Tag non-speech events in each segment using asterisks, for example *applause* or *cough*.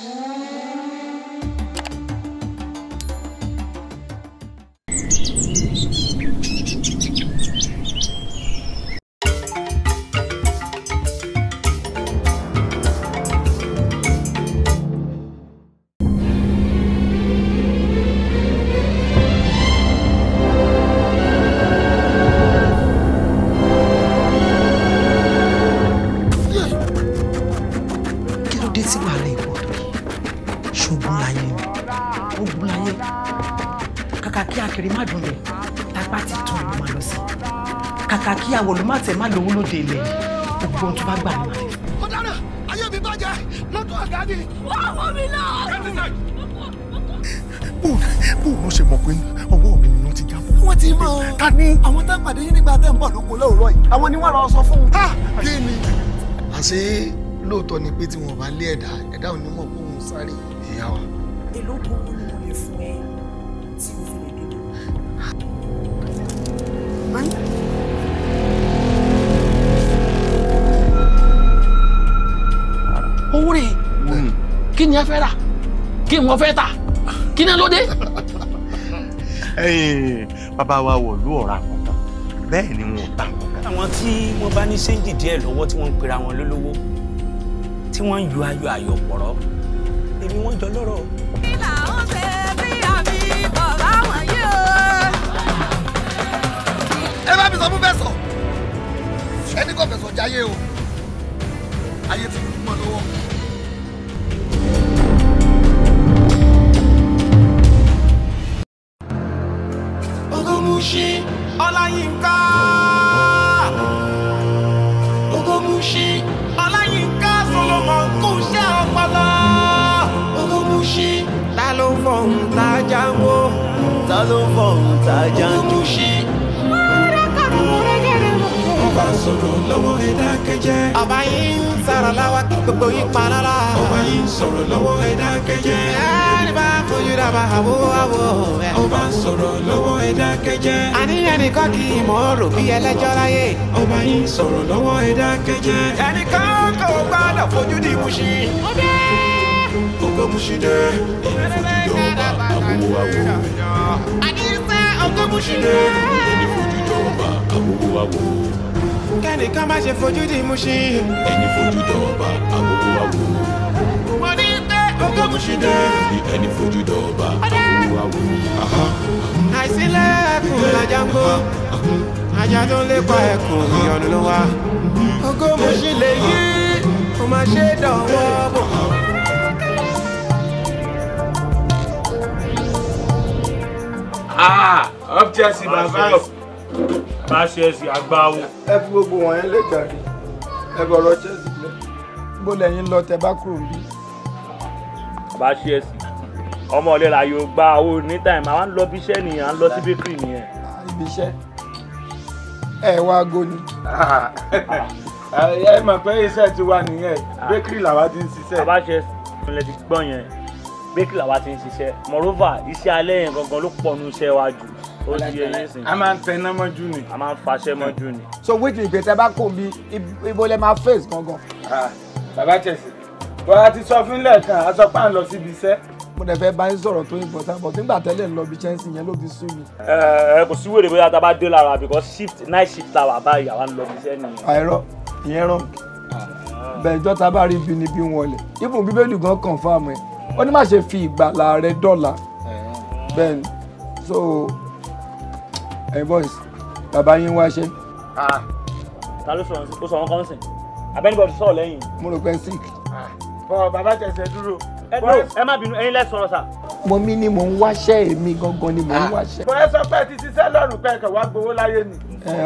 Thank you. tó délé gbogbo ohun tó bá gbà ní. ọ̀daràn ayé mi bàjẹ́ lọ́dún àgáni. ọwọ́ mi náà. bó o ṣe mọ̀ pé ọwọ́ mi nínú ti jábọ̀. wọ́n ti mọ̀ ọ́. ká ní. àwọn tá a pàdé yín nígbà tẹ́ ń bọ̀ lóko lóòrọ̀ yìí àwọn ni wọ́n lọ sọ fún un. kí ni. àṣé lóòótọ́ ni pé tí wọ́n bá lé ẹ̀dá ẹ̀dá ò mọ̀ kó òun sáré ìyá wa. èló kan ni fún ẹ. wọn fẹ́ tà kí náà ló dé. bàbá wa wọ̀ ló ọ̀rọ̀ àwọn kan bẹ́ẹ̀ ni wọn ò tà wọn kan. àwọn tí wọ́n bá ní séǹjì díẹ̀ lọ́wọ́ tí wọ́n ń pera wọn lólówó tí wọ́n ń yọ ayọ̀ ayọ̀ pọ̀rọ̀ èmi wọ́n jọ lọ́rọ̀. ẹ bá mi sọ fún fẹsọ ẹni kò fẹsọ jáyé o. gbogbo yín pa lára. ọba yìí ń sọ̀rọ̀ lọ́wọ́ ẹ dákẹ́jẹ́. ẹni bá fojú dábàá àwọ̀ àwọ̀. ọba ń sọ̀rọ̀ lọ́wọ́ ẹ dákẹ́jẹ́. àníyàn nìkan kì í mọ̀ ọ́ rò bí ẹlẹ́jọ́ láyé. ọba yìí ń sọ̀rọ̀ lọ́wọ́ ẹ dákẹ́jẹ́. ẹnìkan kò gbọ́dọ̀ fojú di muṣi. ó dé. ọgbẹ́ muṣi dé. ìfojú jọba àwọ̀ àwọ̀. àdìsẹ́ ọgbẹ́ muṣi dé. ìfojú jọba àwọ̀ àwọ̀ kẹ́nìkan má ṣe fojú di Mushin. ẹni fojú dọ̀ọ̀bà àkókò wa wò. mo ní pé ogún Mushin dé. ẹni fojú dọ̀ọ̀bà àkókò wa wò. àìsílẹ̀kùn lajango ajá tó ń lépa ẹ̀kùn ìyọnu ló wá. ogún Mushin lè yí kó má ṣe dọ̀wọ́ bò. Ah, up Chelsea, my valve máa ṣe ẹsìn àgbáwo. ẹ fi gbogbo wọn yẹn lè jàre ẹ bọ̀rọ̀ chelsea lẹ bó lẹ́yìn lọ tẹ bá kúrò bí. bá ṣe ẹsìn ọmọ ilé la yóò gba owó ní táìmù àwọn ń lọ bí iṣẹ́ nìyẹn à ń lọ sí bíkìrì nìyẹn. ibi iṣẹ́ ẹ wá aago ni. *laughs* ẹ máa pẹ́ iṣẹ́ ti wá nìyẹn ah. bíkìrì làwa ti ń ṣiṣẹ́. àbáṣe ẹsìn ìpínlẹ̀ ti gbọ́ yẹn bakery làwa ti ń ṣiṣẹ́ moreover iṣẹ́ alẹ́ yẹn gangan ló pọ̀ nu iṣẹ́ wa jù ó di eyín sìn. a máa ń tẹná mọ́jú ni. a máa ń faṣẹ́ mọ́jú ni. so wetin ìgbésẹ̀ bá kò bí ibo lẹ máa face gangan. Ah, bàbá chelsea bọ́lá ti sọ fún lẹ́ẹ̀kan aṣọ pa ń lọ síbi iṣẹ́. mo dẹ̀ fẹ́ bá yín sọ̀rọ̀ tó yín bọ̀ sábọ̀ nígbà tẹ́lẹ̀ ń lọ bí chelsea yẹn ló fi sú mi. ẹ eh, eh, kò sí wèrè bóyá tá dé lára because shift night shift la wà báyìí àwa ń lọ bí iṣẹ́ nìyẹn. àìrọ ah, ìyẹn rọ ah. bẹ́ẹ̀ ìjọ ta bá rí ibi níbi wọlé ibùn bíbélì gan confam ẹ ó ní má ṣe fi ìgbàlà rẹ dọ́là bẹ́ẹ̀ ni so ẹ̀yin boys bàbá yín wá ṣe. ta ló sọ̀rọ̀ ó sọ̀rọ̀ kọ́nsìn abẹ́nibọ̀dì sọ̀rọ̀ lẹ́yìn. mo rò pé sick. bọ bàbá tẹsẹ̀ dúró. ẹ má bínú ẹ̀yin lẹ sọ̀rọ̀ sà. mo mi ni mò ń wáṣẹ́ èmi gangan ni mò ń wáṣẹ́. bọ́ ẹ sọ pé ti ṣiṣẹ́ lọ́rùn pé ẹ̀kọ́ wá gbowó láyé ni.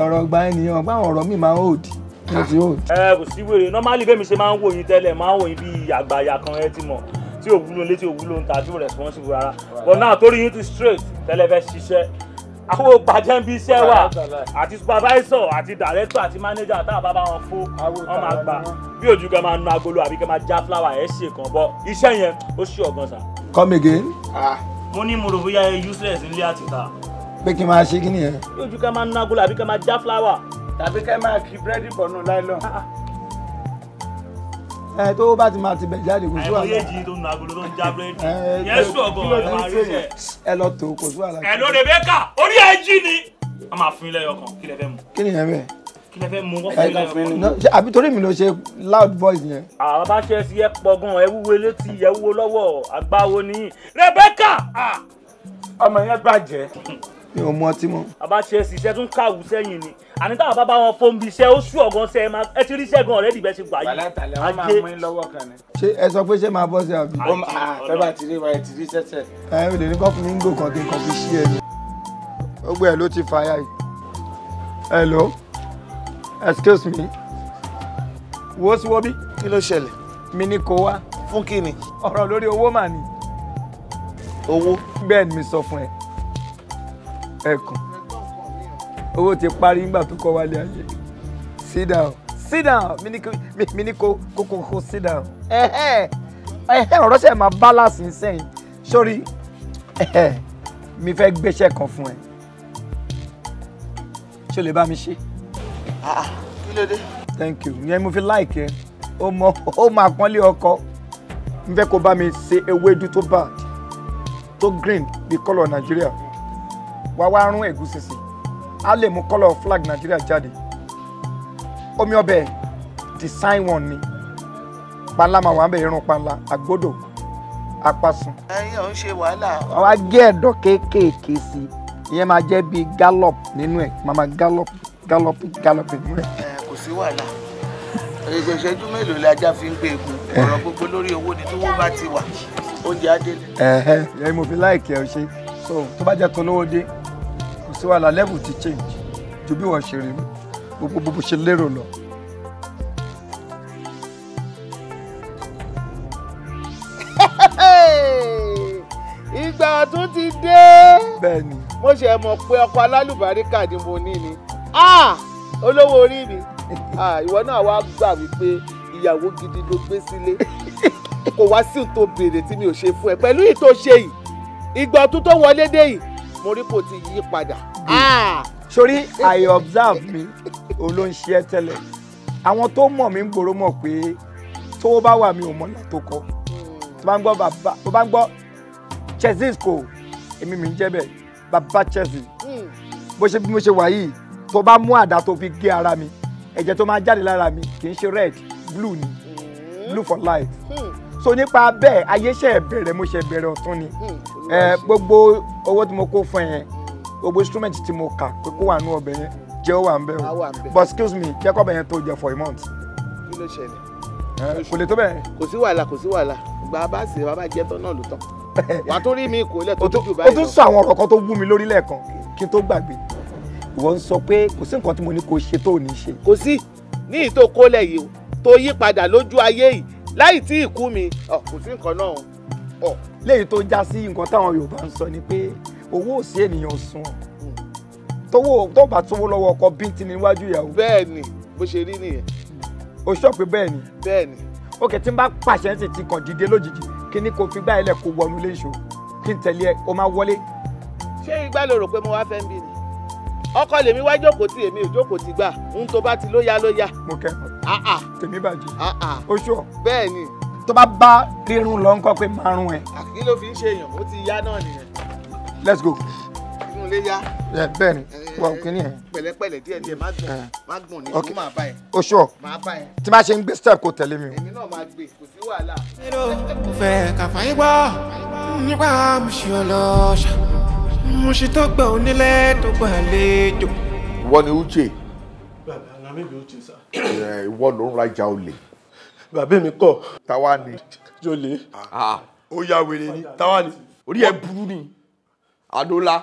ọ̀rọ̀ gba ènìyàn báwọn ọ̀rọ̀ mi máa ń hold ẹ kò sí wèrè normally bẹ́ẹ̀ mi ṣe máa ń wòyìn tẹ́lẹ̀ máa ń wòyìn bíi àgbàyà kan ẹ ti mọ̀ tí ò wúlò nílé tí ò wúlò ń ta tí ò responsible rárá but now torí yín ti straight tẹ́lẹ̀ fẹ́ ṣiṣẹ́ àwọn bàjẹ́ ń iṣẹ́ wa àti supervisor àti director àti manager tá a wọn fún wọn máa gbà bí ojú kan máa nu agolo àbí kan máa já flower ẹ̀ ṣe kan bọ́ iṣẹ́ yẹn ó ṣe ọ̀gán sà. come again. Ah. mo ní mo rò bóyá ẹ useless nílé àtìta. pé kí n máa ṣe kí nìyẹn. bí ojú kan máa nu agolo àbí kan máa já flower. tàbí kẹ́ máa kí búrẹ́dì bọ̀nù láìlọ́ọ̀ ẹ eh, tó bá ti máa ti bẹ̀ jáde kò sí wàhálà. àìmọye jì tó nu agolo tó ń já búrẹ́dì yẹn sùn ọgọ ẹ máa rí sẹ. ẹ lọ tó kò sí wàhálà. ẹ ló lè orí ẹ jí ni. a máa fún ilé ọkàn kí lè fẹ́ mu. kí ni yẹn bẹ. kí lè fẹ́ mu kó eh, fún ilé ọkàn. àbí torí mi ló ṣe loud voice yẹn. àwọn bá ṣe fi ẹ pọgàn ẹ wúwo létí ẹ wúwo lọ́wọ́ àgbáwo ni Rebecca. Ah! ọmọ yẹn bàjẹ́. *laughs* mi ò mú ọtí mọ́. bàbá ṣe ṣiṣẹ́ tún káwù sẹ́yìn ni àní táwọn bàbá wọn fún mi ṣe ó sú ọ̀gán ṣe ẹ ti rí ṣẹ́gun ọ̀rẹ́dì bẹ́ẹ̀ ṣe gbà yìí. bàlá ìtàlẹ̀ wọn máa mú in lọ́wọ́ kan ni. ṣé ẹ sọ pé ṣé máa bọ́ sí àbí. bàbá ti rí wáyé ti rí sẹ́sẹ̀. ẹ ẹ lè ní kọ́ọ̀fù mi ń gò kan kí n kàn fi ṣí ẹni. ó gbé ẹ ló ti fàyà yìí. hello excuse me wo sí wo bí. kí ló ṣẹlẹ̀. mi ni kò wá. fún kí ni. ọ̀rọ̀ lórí owó mà ni. owó. bẹ́ẹ̀ ni mi sọ fún ẹ ẹkùn owó ti parí nígbà tó kọ́ wálé ayé sit down sit down mi ní kó kó sit down ẹ̀hẹ́ ẹ̀hẹ́ ọ̀rọ̀ ṣe máa balance sẹ́yìn sórí ẹ̀hẹ́ mi fẹ́ gbéṣẹ́ kan fún ẹ ṣé o lè bá mi ṣe. Ah, ah. kí ló dé. thank you ìyẹn mo fi like ẹ ó mọ ó máa pọ́nlé ọkọ n fẹ́ kó bá mi ṣe ewédú tó bad tó green bí kọ́lọ̀ nàìjíríà wá wá rún ẹ̀gúsí sí a lè mú kọ́lọ̀ flag Nàìjíríà jáde omi ọbẹ̀ design one ni panla máa wà ń bẹ̀ irun panla apasun. ẹyin ò ń ṣe wàhálà. àwa gé ẹ̀dọ̀ kéékèèké sí i ìyẹn máa jẹ́ gallop nínú ẹ̀ máa máa gallop gallop gallop nínú ẹ̀. ẹ kò sí wàhálà mélòó la já fi ń gbé egun ọ̀rọ̀ gbogbo lórí owó ni tí wọ́n bá ti wà oúnjẹ á délé. ẹ̀ẹ́ ẹ̀ mo fi láìkẹ́ ọ ṣe so tó bá jẹ́ tó lówó dé sí wàhálà level ti change ju bí wọ́n ṣe rí gbogbo bó ṣe lérò lọ. *laughs* ìgbà ọ̀tún ti dé. bẹ́ẹ̀ni. mo ṣe mọ̀ pé ọkọ alálùbáríkà ni mo ní ni ah! olówó orí mi *laughs* ah, ìwọ náà wá gbà wípé ìyàwó gidi ló gbé sílé kò wá sí ìtò béèrè tí mi ò ṣe fún ẹ pẹ̀lú ìtò ṣe yìí ìgbà ọ̀tún tó wọlé dé yìí mo rí kò ti yí padà. Ah. sori i observe mi òun ló ń ṣe é tẹ́lẹ̀ àwọn tó mọ̀ mí ń gbòòrò mọ̀ pé tó bá wà mí ò mọ̀ náà tó kọ hmm. tó bá ń gbọ́ bàbá tó bá ń gbọ́ chessis kò èmi mi ń jẹ́ bẹ́ẹ̀ bàbá chessis hmm. bó ṣe bí mo ṣe wà yìí tó bá mú àdá tó fi gé ara mi ẹ̀jẹ̀ tó máa jáde lára mi kì í ṣe red blue ni hmm. blue for life so nípa bẹ́ẹ̀ ayé ṣe bẹ̀rẹ̀ mo ṣe bẹ̀rẹ̀ ọ̀tún ni hmm, gbogbo owó tí mo kó fún ẹ yẹn gbogbo instrument tí mo kà pé kó wà nú ọbẹ̀ yẹn jẹ́ ó wà ń bẹ̀ o but excuse me jẹ́ kọ́bẹ̀ yẹn tó jẹ for a month. kí ló ṣẹlẹ̀ kò lè tó bẹ́ẹ̀. kò sí wàhálà kò sí wàhálà gba bá sì bàbá jẹ́ tán náà ló tán *laughs* wà á tún rí mi kò lẹ̀ tó jù báyìí lọ. o tún sọ àwọn ọ̀rọ̀ kan tó wú mi lórí lẹ́ẹ̀kan kí n tó gbàgbé ìwọ ń sọ pé kò sí nǹkan tí mo ní kó ṣe tó ò ní ṣe. kò sí ní ìtòkólẹ̀ yìí tó yí padà lójú ayé yìí láì tí ì kú mi kò sí nǹkan náà o. léyìí tó já sí nǹkan táwọn Yorùbá ń sọ ni pé owó ò sí ènìyàn sùn tówó tó bá tówó lọ́wọ́ ọkọ bíntín níwájú ìyàwó. bẹ́ẹ̀ ni bó ṣe rí nìyẹn. o sọ pé bẹ́ẹ̀ ni. bẹ́ẹ̀ ni. ok tí n bá pàṣẹ ń sì ti kàn dìde lójijì kí ni kò fi gbá ilẹ̀ kó wọnú léṣo kí n tẹ̀lé ẹ o máa wọlé. ṣé ìgbà ló rò pé mo wá fẹ́ bí ọkọ lèmi wá jókòó tí èmi ò jókòó ti gbà ń tó bá ti lóya lóya. mo kẹ́kọ̀ọ́ ah, ah. tèmi bàjẹ́ oṣù ah, ọ̀. bẹ́ẹ̀ ni. tó bá bá rírun lọ ń kọ́ pé márùn ẹ̀. kí ló fi ń ṣe èèyàn ó ti yá náà nìyẹn. let's go. inú ilé yá. bẹ́ẹ̀ ni eh, wà ó kíní ẹ̀. pẹ̀lẹ́pẹ̀lẹ́ díẹ̀ díẹ̀ má gbọ̀n eh. má gbọ̀n ní fún màá bá ẹ̀. oṣù ọ̀ tí bá ṣe ń gbé step kò tẹ̀lé mi. èmi náà máa gbé kò sí wàhálà mo ṣe tọ́gbà onílẹ̀ tọ́gbà àlejò. ìwọ ni uche. bàbá ara mi bí uche sá. ìwọ ló ń rajà olè. bàbá mi kọ. táwa ni. jọlẹ. Ah, ah. ó ya wèrè ni táwa ni. orí ẹ burú ni àdólà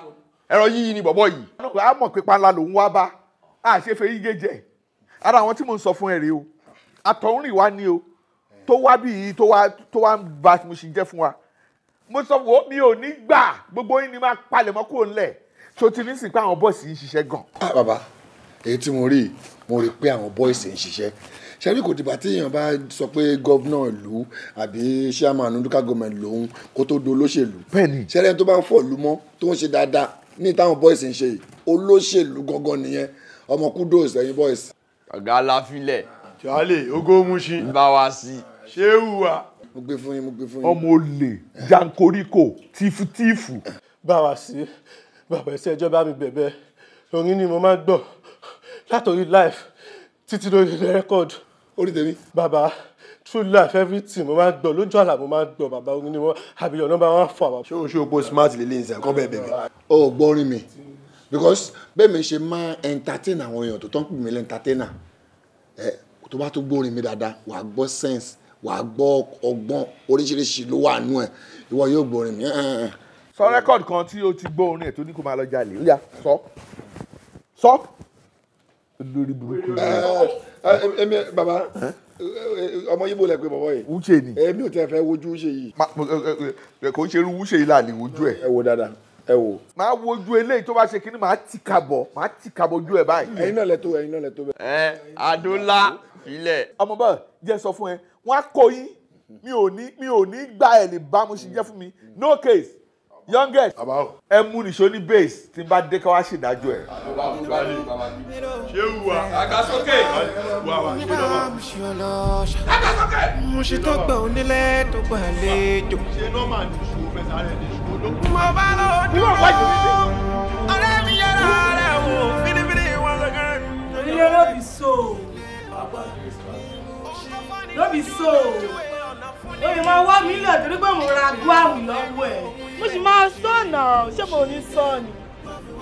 ẹ̀rọ yíyí ni bọ̀bọ̀ yìí. a mọ̀ pé panla lòún wá bá a ṣe fẹ́ yíyé jẹ ara àwọn tí mò ń sọ fún ẹ rèé o àtọ̀húnrìn wa ni o tó wá bí yìí tó wá ń ba mo sì jẹ́ fún wa mo sọ wo mi ò ní gbà gbogbo yín ni máa palẹ̀ mọ́ kúrò ńlẹ̀ tó ti ní sìn pé àwọn bọ́ọ̀sì ń ṣiṣẹ́ gan. Ah, bàbá èyí tí mo rí mo rí pé àwọn bọ́ọ̀sì ń ṣiṣẹ́ ṣẹ́rí kò dìgbà téèyàn bá sọ pé gọ́vnà ìlú àbí chairman ndúkà gọ́ọ̀mẹ̀ntì lòun kó tó do olóṣèlú. bẹ́ẹ̀ni ṣẹ́rí ẹni tó bá ń fọ̀ lú mọ́ tó ń ṣe dáadáa ní táwọn bọ́ọ̀sì ń ṣe yìí olóṣèlú gangan nìyẹn ọmọ kudos ẹ̀yin bọ́ọ̀sì. ọ̀gá aláfilẹ̀. jọ́lẹ̀ ogó mú ṣin. bá wa sí. ṣé hùwà mo gbé fún yín mo gbé fún yín. ọmọ olè jankoríko tífutífù. báwa sí bàbá ẹsẹ ẹjọ́ bá mi bẹ̀bẹ̀ orin ni mo máa ń gbọ́ látòrí life títí lórí record. orí tèmi. bàbá true life everything mo máa ń gbọ́ lójú àlà mo máa ń gbọ́ bàbá orin ni mo àbíyàn nọ́mbà wọn fọ àbá. ṣé o ṣe opó smart lè lè ń sẹ́ kọ́ bẹ́ẹ̀ bẹ̀bẹ̀. o gbọ́rin mi because bẹ́ẹ̀ mi ṣe máa entertain àwọn èèyàn tó tán pè mí lẹ́ntatẹ́nà ẹ tó bá tó gbórin mi dáadáa wàá gbọ́ sense wàá gbọ́ ọgbọ́n oríṣiríṣi ló wà nú ẹ̀ ìwọ yóò gbórin mi. sọ rẹ́kọ̀dì kan tí o ti gbọ́ orin ẹ̀ tó ní kó máa lọ jalè ó yá sọ sọ lórí burúkú yìí. èmi ọmọ yìí bò lẹ pé bọ̀bọ̀ yìí. wúṣe ni. èmi ò tẹ fẹ́ wojú wúṣe yìí. kò ń ṣe irú wúṣe yìí láàlì wojú ẹ. ẹ wo dáadáa ẹ wò. máa wojú eléyìí tó bá ṣe kínní máa tì kabọ̀ máa tì kabọ̀ ojú ẹ báyìí. ẹ̀yin náà lẹ tó ẹ̀yin náà lẹ tó bẹ. ẹ adó filẹ. ọmọ bá jẹ́ sọ fún ẹ wọ́n á kó yín mi ò ní mi ò ní gba ẹ̀ lè bá mo ṣe jẹ́ fún mi no case youngest ẹ mú nìṣó ní base tí n bá dé ká wá ṣèdájọ́ ẹ̀. ṣé wùwà àgàsókè wùwà wà ṣé lọ́wọ́. mo ṣe tó gbà ó nílẹ̀ tó gbà àlejò. ṣé nọ́mà ní ṣòwò fẹsẹ̀ rẹ̀ ní ṣòwò ló. mo bá lọ dúró ọ̀rẹ́ mi yára rẹ̀ wò fínífíní wọn lọ́gán. ìyẹn ló fi so no be so o lè máa wá mi lẹ̀ torí pé mo ra gbáàmù lọ́wọ́ ẹ̀. mo sì máa sọ̀nà ṣé mo ní sọ̀nì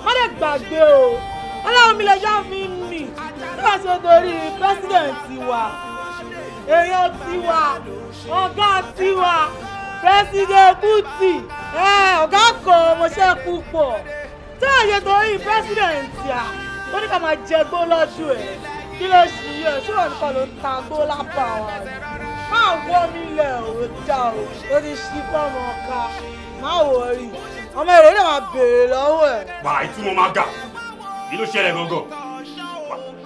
má lè gbàgbé o ọlọ́run mi lè yá mi mì nígbà tó torí pẹ́sidẹ̀ntì wa èèyàn tiwa ọ̀gá tiwa pẹ́sidẹ̀ntì Kútì ọ̀gá kan ọmọọṣẹ́ púpọ̀ tó àyè torí pẹ́sidẹ̀ntì à tó ní ká máa jẹ gbó lọ́dún ẹ̀ kí lè ṣì yẹ ṣúlọ nìkan ló ń ta gbó lápá wa máa wọ́ mi lẹ̀ ò dá o ó ti ṣí fọ́ọ̀mù ọ̀ka má wọ̀ rí ọmọ èrè náà máa béèrè lọ́wọ́ ẹ̀. wà á ìtumọ̀ máa gà kí ló ṣẹlẹ̀ gangan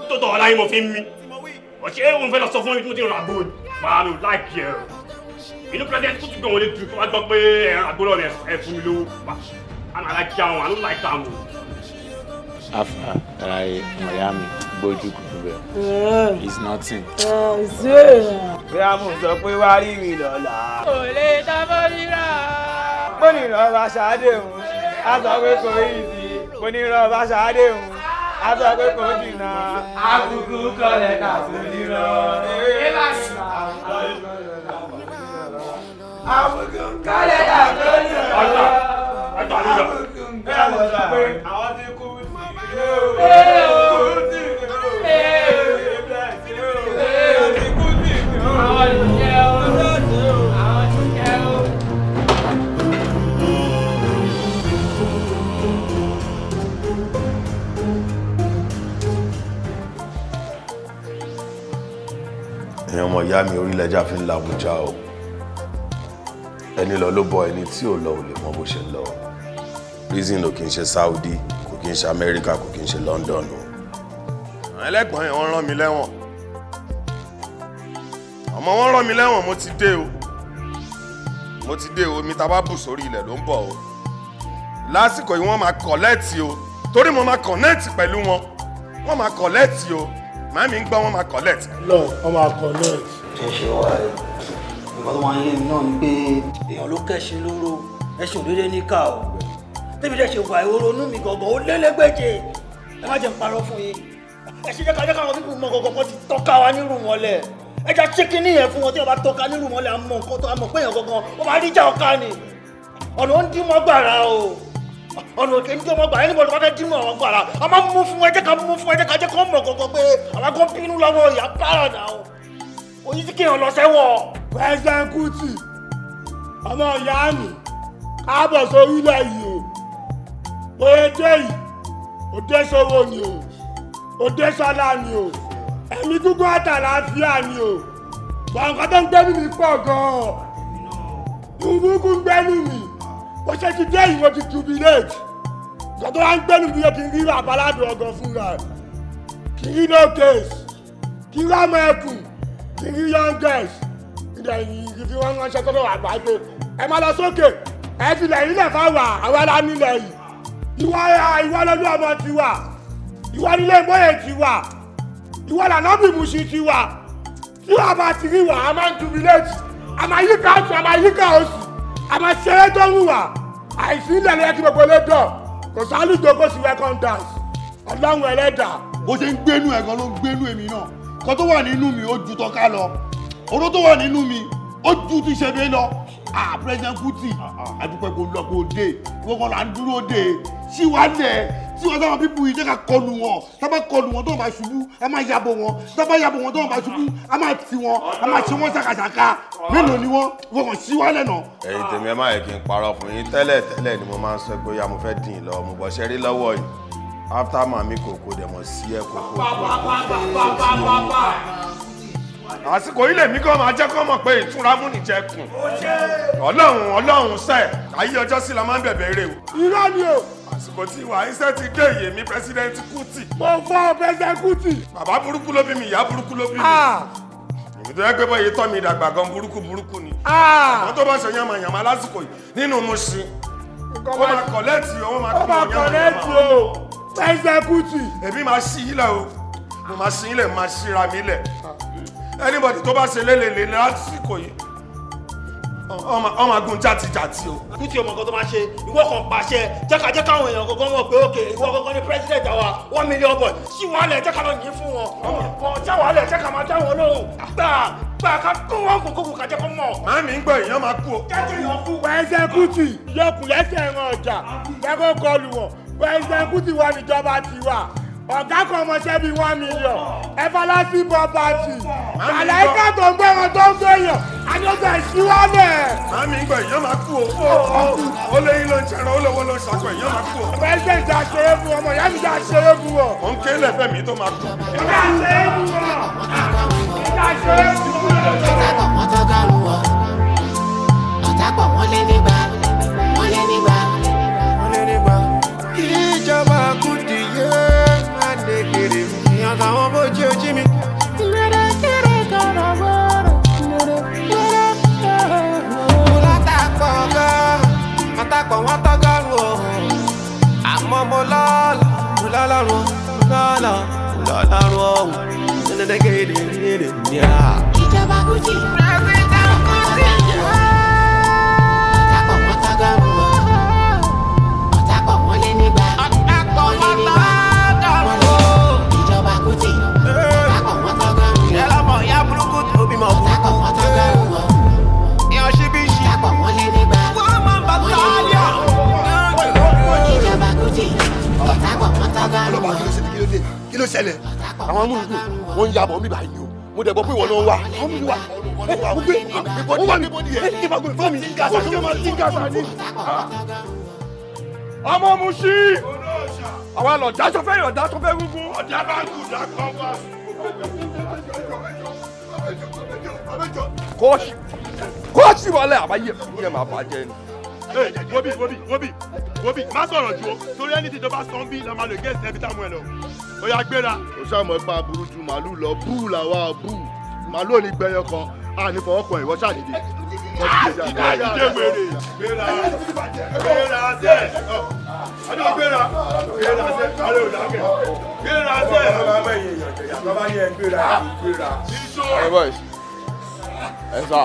tó tọ̀ ọ̀la yìí mo fi ń mí ọ̀ṣẹ́ òun fẹ́ lọ sọ fún mi tí mo ti rà gbó máa mi ò láìkí ẹ̀ inú president kútu gbọ̀n wọlé tu tó wá gbọ́ pé ẹ̀rọ eh, àgbọ̀lọ́ rẹ̀ ẹ̀ eh, fún mi lówó àmàlà kí àwọn àlọ́ láìka àwọn. Afra that I Miami gbójú kúkú bẹ́ẹ̀. It's nothing. Bí ah, a mú sọ pé wá rí mi lọ́la. Kò lè dábọ́ rírà. Mo ní ìrọ̀lá ṣáádé òun. A sọ pé kò rí ìdí. Mo ní ìrọ̀lá ṣáádé òun. A sọ pé kò dìnnà. Akùkù kọlẹ̀ kà tó nírọ̀. Ewé láti àwọn Akùkù kọlẹ̀ kà tó nírọ̀. Akùkù kọlẹ̀ kà tó nírọ̀. Àwọn ti kú ìyá mi orílẹ̀-èdè fi ń la Àbújá o ẹni lọ ló bọ ẹni tí ò lọ ò lè mọ bó ṣe lọ reason ló kì í ṣe Saudi kí n ṣe amẹ́ríkà kò kí n ṣe london o àwọn ẹlẹ́gbọ̀n yẹn wọ́n rán mi lẹ́wọ̀n ọmọ wọn rán mi lẹ́wọ̀n mo ti dé o mo ti dé o omi tá a bá bù sórí ilẹ̀ ló ń bọ̀ o lásìkò yìí wọ́n máa kọ̀lẹ́ẹ̀tì o torí mo máa kọ̀nẹ́ẹ̀tì pẹ̀lú wọn wọ́n máa kọ̀lẹ́ẹ̀tì o màmí ń gbọ́ wọ́n máa kọ̀lẹ́ẹ̀tì. lọ wọ́n máa kọ̀lẹ́ẹ̀tì. ṣe ṣe wá ẹ tẹ́bi dẹ̀ ṣe wà ìhòòhò inú mi gọ̀gọ̀ ó lélẹ́gbẹ̀jẹ̀ ẹ má jẹ́ ń parọ́ fún yín ẹ ṣe jẹ́ ká jẹ́ káwọn fífi mọ gọ̀gọ̀ kan ti tọ́ka wa nírú wọn lẹ̀ ẹ já chicken ní yẹn fún wọn tí wọn bá tọ́ka nírú wọn lẹ̀ àmọ́ nǹkan tó àmọ́ pé èèyàn gangan wọn máa rí ìjà ọ̀ka ni ọ̀nà ó ń dín mọ́ gbàrà o ọ̀nà òkè ń dín mọ́ gbàrà ẹni bọ́ọ̀lù bá fẹ́ dín mọ́ gbàrà a máa mú fún ẹ jẹ́ ká mú fún ẹ jẹ́ ká jẹ́ kó mọ̀ gọ̀gọ̀ pé àwọn kan bínú lọ́wọ́ ìyá para nà o òyì tí kéèyàn lọ sẹ́wọ̀. President Kuti ọmọ ìyá mi káàbọ̀ sórílẹ̀ yìí bóyá dé yìí òde sọ́wọ́ ni o òde sọ́lá ni o ẹ̀mí gúngún àtàlàáfíà ni o gbọ̀ngàn tó ń gbẹ́nu mi pọ̀ gan-an ìwúkú ń gbẹ́nu mi bó ṣe ti dé yìí mo ti jubilate gbọ́dọ̀ wá ń gbẹ́nu mi kí n rí àbáládò ọgàn fúnra kí n no case kí n rí ọmọ ẹkùn kí n rí young girls ìdá ìyìn fi wọ́n ránṣẹ́ tọ́lọ́ àgbáyé ẹ má lọ sókè ẹ fi lẹ̀ nílẹ̀ fáwọn àwa lá nílẹ̀ yìí ìwà ìwà lọ́dún ọmọ ti wà ìwà nílé mọ́yè ti wà ìwà lànàbì mùsì ti wà tí wàá bá ti rí wà á máa ń ju village a máa yíká oṣù a máa yíká oṣù a máa ṣeré tó ń wà àìsí ilẹ̀ lẹ́yìn kí gbogbo lè dọ̀ kò sálù tó kó sí welcome dance ọlọ́run ẹlẹ́dà. bó ṣe ń gbénú ẹ̀ gan ló ń gbénú èmi náà kan tó wà nínú mi ó ju tọ́ka lọ oró tó wà nínú mi ó ju ti ṣe lọ ah president Kuti àdúpẹ́ kò lọ kò dé wọ́n kọ́ là ń dúró dé tí wàá dẹ̀ tí wọ́n sábà pípù yìí jẹ́ ká kọlù wọn sábà kọlù wọn tó wọn bá ṣubú ẹ yabo. yabọ̀ wọn sábà yabọ̀ wọn tó wọn bá a ẹ máa tì wọn ẹ máa ṣe wọn ṣàkàṣàkà mélòó ni wọn wọ́n kàn sí wálẹ̀ náà. ẹ̀yin tèmi ẹ má yẹ kí n parọ́ fún yín tẹ́lẹ̀ tẹ́lẹ̀ ni mo máa ń sọ pé ya mo fẹ́ dín in lọ mo bọ̀ ṣe rí lọ́wọ́ yìí after mami kòkó dẹ̀ mọ̀ sí ẹ kòkó kòkó kòkó kòkó àsìkò ilé mi gan máa jẹ́ kó mọ̀ pé ìtura mú nìjẹkùn ọlọ́run ọlọ́run sẹ́ ayé ọjọ́ sí la máa ń bẹ̀bẹ̀ rè o. irọ́ ni o. àsìkò tí wàá iṣẹ́ ti dé èyí mi pẹ́sidẹ́ntì Kútì. mo fọ́ pẹ́sidẹ́ntì Kútì. bàbá burúkú ló bí mi ìyá burúkú ló bí mi ìdó ẹgbẹ́ bọ́ iye tọ́ mi dàgbà gan burúkú burúkú ni. Ah. àwọn tó bá ṣe yànmà yànmà lásìkò yìí nínú Mùṣín. ó máa kọ̀lẹ́ẹ̀tì o ó máa kọ́ yànmà yànmà. ó máa kọ̀lẹ́ẹ̀tì anybody tó bá ṣe lélele lásìkò yìí ọmọ agun jàtijàti o. kùtì ọmọ kan tó máa ṣe ìwọ kan pàṣẹ jẹ́ka jẹ́ka àwọn èèyàn kankan mọ̀ pé òkè ìwọ kankan ní president àwa one million boy ṣí wàhálẹ̀ jẹ́ka lọ yìí fún wọn ọmọ ìjà wàhálẹ̀ jẹ́ka máa dá wọn lóhùn gbà gbà ká kó wọn kó kókò ká jẹ́ kó mọ̀. màá mi ń gbọ́ èèyàn máa kú o. jẹ́jẹ́ yọ kú. pẹ̀sẹ̀ kùtì yọkùn lẹ́sẹ̀ ẹ̀ràn ọjà jẹ́ kó kọlù wọn pẹ̀sẹ̀ kùtì wà níjọba tiwa ọ̀gá kan ọmọọṣẹ́ bíi one million everlasting property màláìka tó ń gbẹ̀ràn tó ń gbẹ̀yàn àjọṣe ìṣíwálẹ̀. màmí ń gbọ́ èèyàn máa kú o ó léyìn ló ń ṣẹran ó lówó ló ń ṣàkó èèyàn máa kú o. ọmọ ẹgbẹ́ ìjà ṣeré fún ọmọ ìyá mi ìjà ṣeré fún ọ. mò ń ké lẹ́fẹ̀ẹ́ mi tó máa kú. ìjà ṣeré fún ọ ìjà ṣeré fún ọ. ọ̀tàpọ̀ wọn tó gàrú ọ ìjọba kú káwọn bójú ojú mi. Lẹ́rẹ́kẹ́rẹ́ kọ̀rọ̀ wọ́rọ̀ lẹ́rẹ́ mo látàpọ̀ gan-an àtàpọ̀ wọn tọ́gọ́rùn o àmọ́ mo lọ́ọ̀lọ́ mo lọ́lọ́run lọ́ọ̀lọ́ lọ́lọ́run ọ̀hún lẹ́dẹ̀dẹ̀gẹ̀dẹ̀ ní ìjọba kùjì pírẹsìdẹ̀ kùjì. ọlọ́pàá kí ló ṣẹlẹ̀ kí ló dé kí ló ṣẹlẹ̀. àwọn amúlùkù wọn ń ya bọ̀ níbà yìí o mo dẹ̀ gbọ́ pé ìwọ náà wà. wọ́n mi wà mo gbé mo wà mí ìfàgbọ́ fún mi fún máa ti ń gàṣà ní. ọmọ mu sí. àwa lọ dáṣọ fẹ́ yọ̀ fẹ́ gúngún. ọ̀dà bá kù dá kọ́ńpá. kọ́ọ̀ṣì kọ́ọ̀ṣì wọlé àbáyé ẹ̀ wobi wobi wobi wobi má sọ̀rọ̀ ju o torí ẹni tí ìjọba sọ ń bí la máa lè gẹ́sì ẹbí táwọn ẹ lọ o yà gbéra. o ṣàmọ̀ ipa burú ju màálù lọ búù làwa búù màálù ò ní gbẹyọ kan a ní fọwọ́ kan ìwọ ṣàdédé. ìdíje wèrè gbéra gbéra sẹ ọjọ gbéra gbéra sẹ alẹ ò dákẹ́ gbéra sẹ. ọba bá yẹ ìyàtọ̀ bá yẹ gbéra gbéra. ẹ bọ̀ ẹ sọ.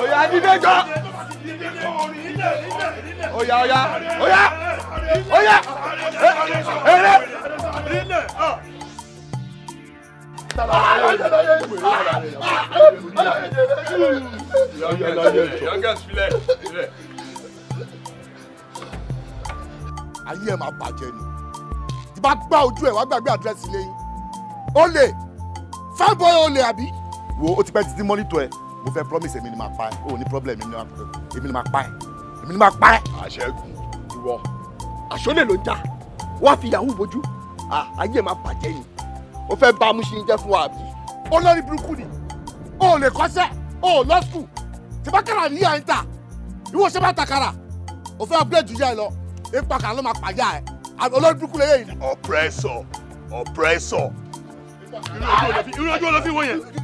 Oya dídéjọ́. Oya oya oya oya eré. Eh, eh, eh. Ayé ẹ̀ máa bàjẹ́ ni. Tí bá gbá ojú ẹ̀ wá gbàgbé àdírẹ́sì lẹ́yìn. Olè! Fáìbọ̀yì olè àbí? Wo o ti pẹ́ títí mọ́nítọ̀ ẹ̀ mo fẹ́ promise èmi ni máa pa o ní problem èmi ni máa pa ẹ́ ni máa pa ẹ́. ìwọ àṣọlẹ ló ń jà wá fi yahoo bojú ayé máa bàjẹ́ yìí o fẹ́ bá amúṣin jẹ́ fún wa bí. olórí burúkú ni o ò lè kọ́ṣẹ́ o ò lọ sùn tìbákàrà ní yàrá ń tà ìwọ ṣe bá takara o fẹ́ upgrade jù yá ẹ lọ ipa kan ló máa pàjá ẹ olórí burúkú lè yẹ yìí. oppressor oppressor irú ojú olófin wo yẹn.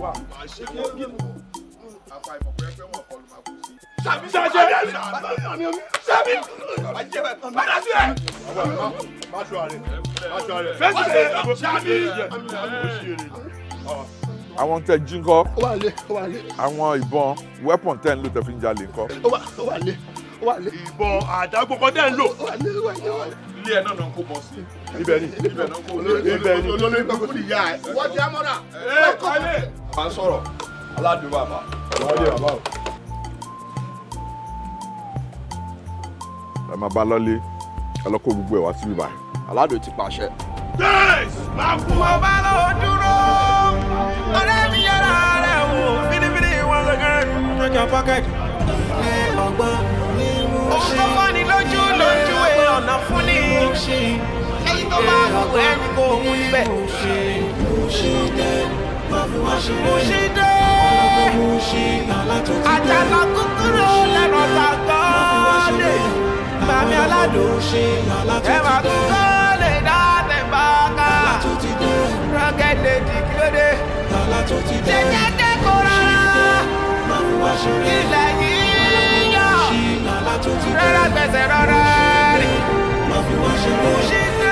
wà. Sàbí sàjẹ́ rẹ̀ sàbí padà sí ẹ̀. Má sọ àrẹ, má sọ àrẹ. Fẹ́sí ṣe sàbí. Àwọn tẹ jí ńkọ́. Ó wà lé, ó wà lé. Àwọn ìbọn wẹ́pọ̀n tẹ́ ń lò tẹ́ fi ń jalè ńkọ́. Ó wà ó wà lé, ó wà lé. Ìbọn àdágbọ́kọ́ tẹ́ ń lò. Ó wà lé, ó wà lé, ó wà lé ilé ẹ náà náà kó bọ sí. ibẹ̀ ni ibẹ̀ ni olórí kókó ti yá ẹ. wọ́n ti amọ́ra. ẹ kọ́lé sọ̀rọ̀ aládùn bàbá. aládùn bàbá o. ẹ máa bá lọ́lé ẹ lọ gbogbo ẹ̀ wá síbí báyìí. aládùn ti pàṣẹ. yes máa kú. mo bá lọ dúró ọ̀rẹ́ mi yára rẹ̀ wò fínífíní wọn lọ́gẹ́rẹ́ ní ọjà pákẹ́tì. ní ọgbọ́n ní mo ṣe. ohun tó fọ́ni lójú lójú ẹ̀ ọ̀nà fún ni ẹni tó bá rògbò ẹni kò mú níbẹ̀. Mushide Àjàlá kúkúrú lẹ́nu tàgọ́ọ̀lì Màmí aládùn ẹ máa kúkọ́ lè dá tẹ̀bá ká Rọ́gẹ́dẹ̀ di kílódé Jẹ́jẹ́ dẹ́kun rárá Ilẹ̀ yìí yọ Rárá gbẹ̀sẹ̀ rárá rí Mushide.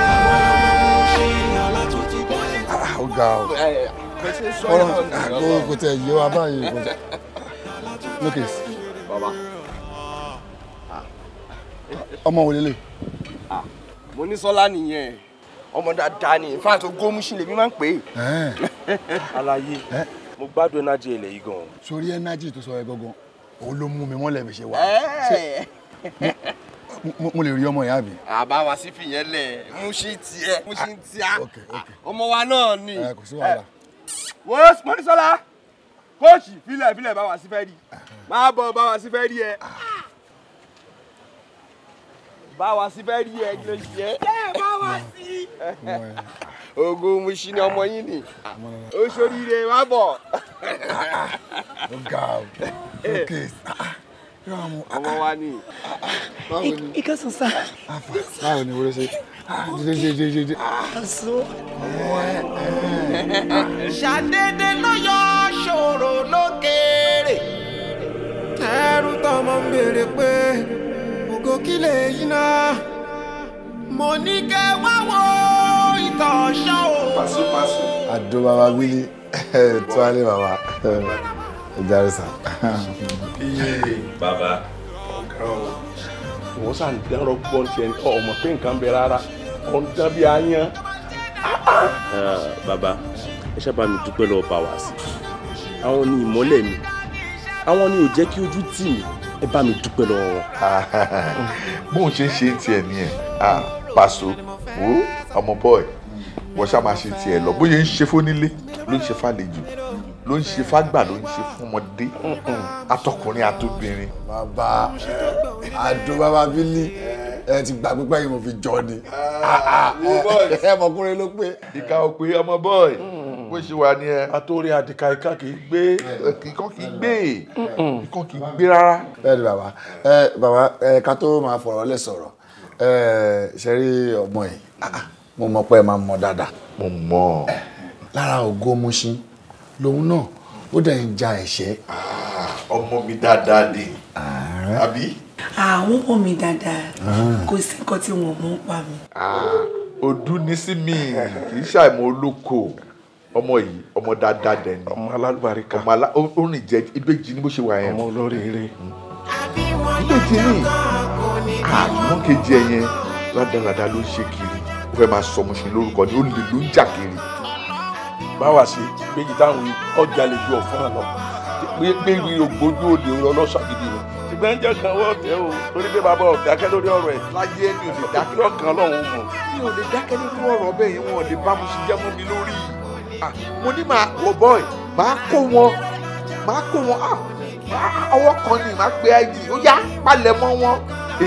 Ah, ó ga o ọ̀rọ̀ àgbo kò tẹ̀ yé wa báyìí kò tẹ̀ lókès. bàbá. ọmọ wo lélẹ̀. Ah, mo ní sọlá nìyẹn ọmọ dáadáa ni ìfáà tó gómùsì lèmi máa ń pè é. aláyé mo gbádùn ẹnájì ilẹ̀ yìí gan. sórí ẹnájì tó sọ ẹ gangan òun ló mú mi mọ́lẹ̀ mi ṣe wà. mo lè rí ọmọ ìyá mi. àbá wa sí fìyẹn lẹ mú sí tiẹ mú sí tíá ah, ọmọ wa náà ni. kò sí wàhálà wo mọ́nísọ́lá kóòtù filẹ̀ filẹ̀ bá wà sí fẹ́ di máa bọ̀ bá wà sí fẹ́ di ẹ bá wà sí fẹ́ di ẹ kí ló ṣe ẹ. bẹ́ẹ̀ bá wà sí. ogun musi ni ọmọ yín ni ó ṣoríire má bọ̀. ó ga ọ ókè ọmọ wa ni. ìkẹsàn sá. báwo ni wọ́n ṣe dídídídídí. ṣàdédé ló yọ ṣòro lókèrè ẹrú tọmọ ń béèrè pé ògo kí lè yín náà mo ní kẹ́ wá wo ìtàn ṣọ́ òun. àdó bàbá wílí tó wá lé bàbá *laughs* ẹ járe sá. *laughs* bàbá ọ̀gá wọ́n sàn dánrọ gbọ́ntì ẹni ọmọ pé nǹkan bẹ rárá ọ̀n dábí ayán. bàbá ẹ ṣábà mi dúpẹ́ lọ́ọ́ bá wa sí àwọn ni ìmọ́lẹ̀ mi àwọn ni ò jẹ́ kí ojú tì mí ẹ bá mi dúpẹ́ lọ́wọ́ wọn. *laughs* bó o ṣe ń ṣe tiẹ̀ ni ẹ̀ pàṣọ wo ọmọ bọ́ọ̀ wọ́n ṣá máa ṣe tiẹ̀ lọ bó ṣe ń ṣe fónílé ló ń ṣe fàlejò ló ń ṣe fágbà ló ń ṣe fún ọmọdé atọkùnrin àtobìnrin. bàbá àdó bàbá bílí ẹ ti gbà pípẹ́ yìí mo fi jọ ni ẹ ah, ah, ah, eh, eh, mọ̀kúnrin ló pé. ìka ò pé ọmọ bọ́ọ̀ì hmm. bó ṣe wà ní ẹ. àtòrí àdìka ìka kì í gbé ìkan kì í gbé ìkan hmm. kì í gbé rárá. bẹ́ẹ̀ni bàbá ẹ eh, bàbá ẹ ká tó máa fọ̀rọ̀ lẹ sọ̀rọ̀ ẹ ṣe rí ọmọ yìí mo mọ̀ pé ẹ máa mọ̀ dáadáa. mo mọ̀. lára ògo Mushin lòun náà ó dẹ̀ ń ja ẹ̀ṣẹ́. Ah, ọmọ mi dáadáa ni àbí. àwọn ah, ọmọ mi dáadáa ah. kò sí nǹkan tí wọn mú pa mi. ọdún ní sí mi kì í ṣàìmọ̀ olóko ọmọ yìí ọmọ dáadáa dẹ̀ ni. ọmọ alálùbáríkà ọmọ alá ó rìn jẹ ìbejì ní bó ṣe wà yẹn. ọmọ olóríire. ìbejì ni àmọ́ kejì ẹ yẹn ládàládà ló ń ṣe kiri ó fẹ́ máa sọmọṣin lórúkọ ni ó lè ló ń jà kiri báwa ṣe pé yìí táwọn ọjà lè ju ọ̀fọ́n lọ pé ìwé ògbójú òde ọlọ́ṣà gidi rẹ̀ ṣùgbọ́n ń jẹ́ kan wọ́n tẹ́ o torí pé bàbá ọ̀dákẹ́ lórí ọ̀rọ̀ ẹ̀ láyé mi ò lè dákẹ́ ọ̀kan lọ́hùn mọ̀. mi ò lè dákẹ́ lórí ọ̀rọ̀ bẹ́ẹ̀ yẹn wọn ò lè bá mo ṣe jẹ́ mọ́ mi lórí mo ní máa wò bọ́ọ̀ máa kó wọn máa kó wọn ọwọ́ kan ni máa pe id ó yá palẹ̀ mọ́ wọn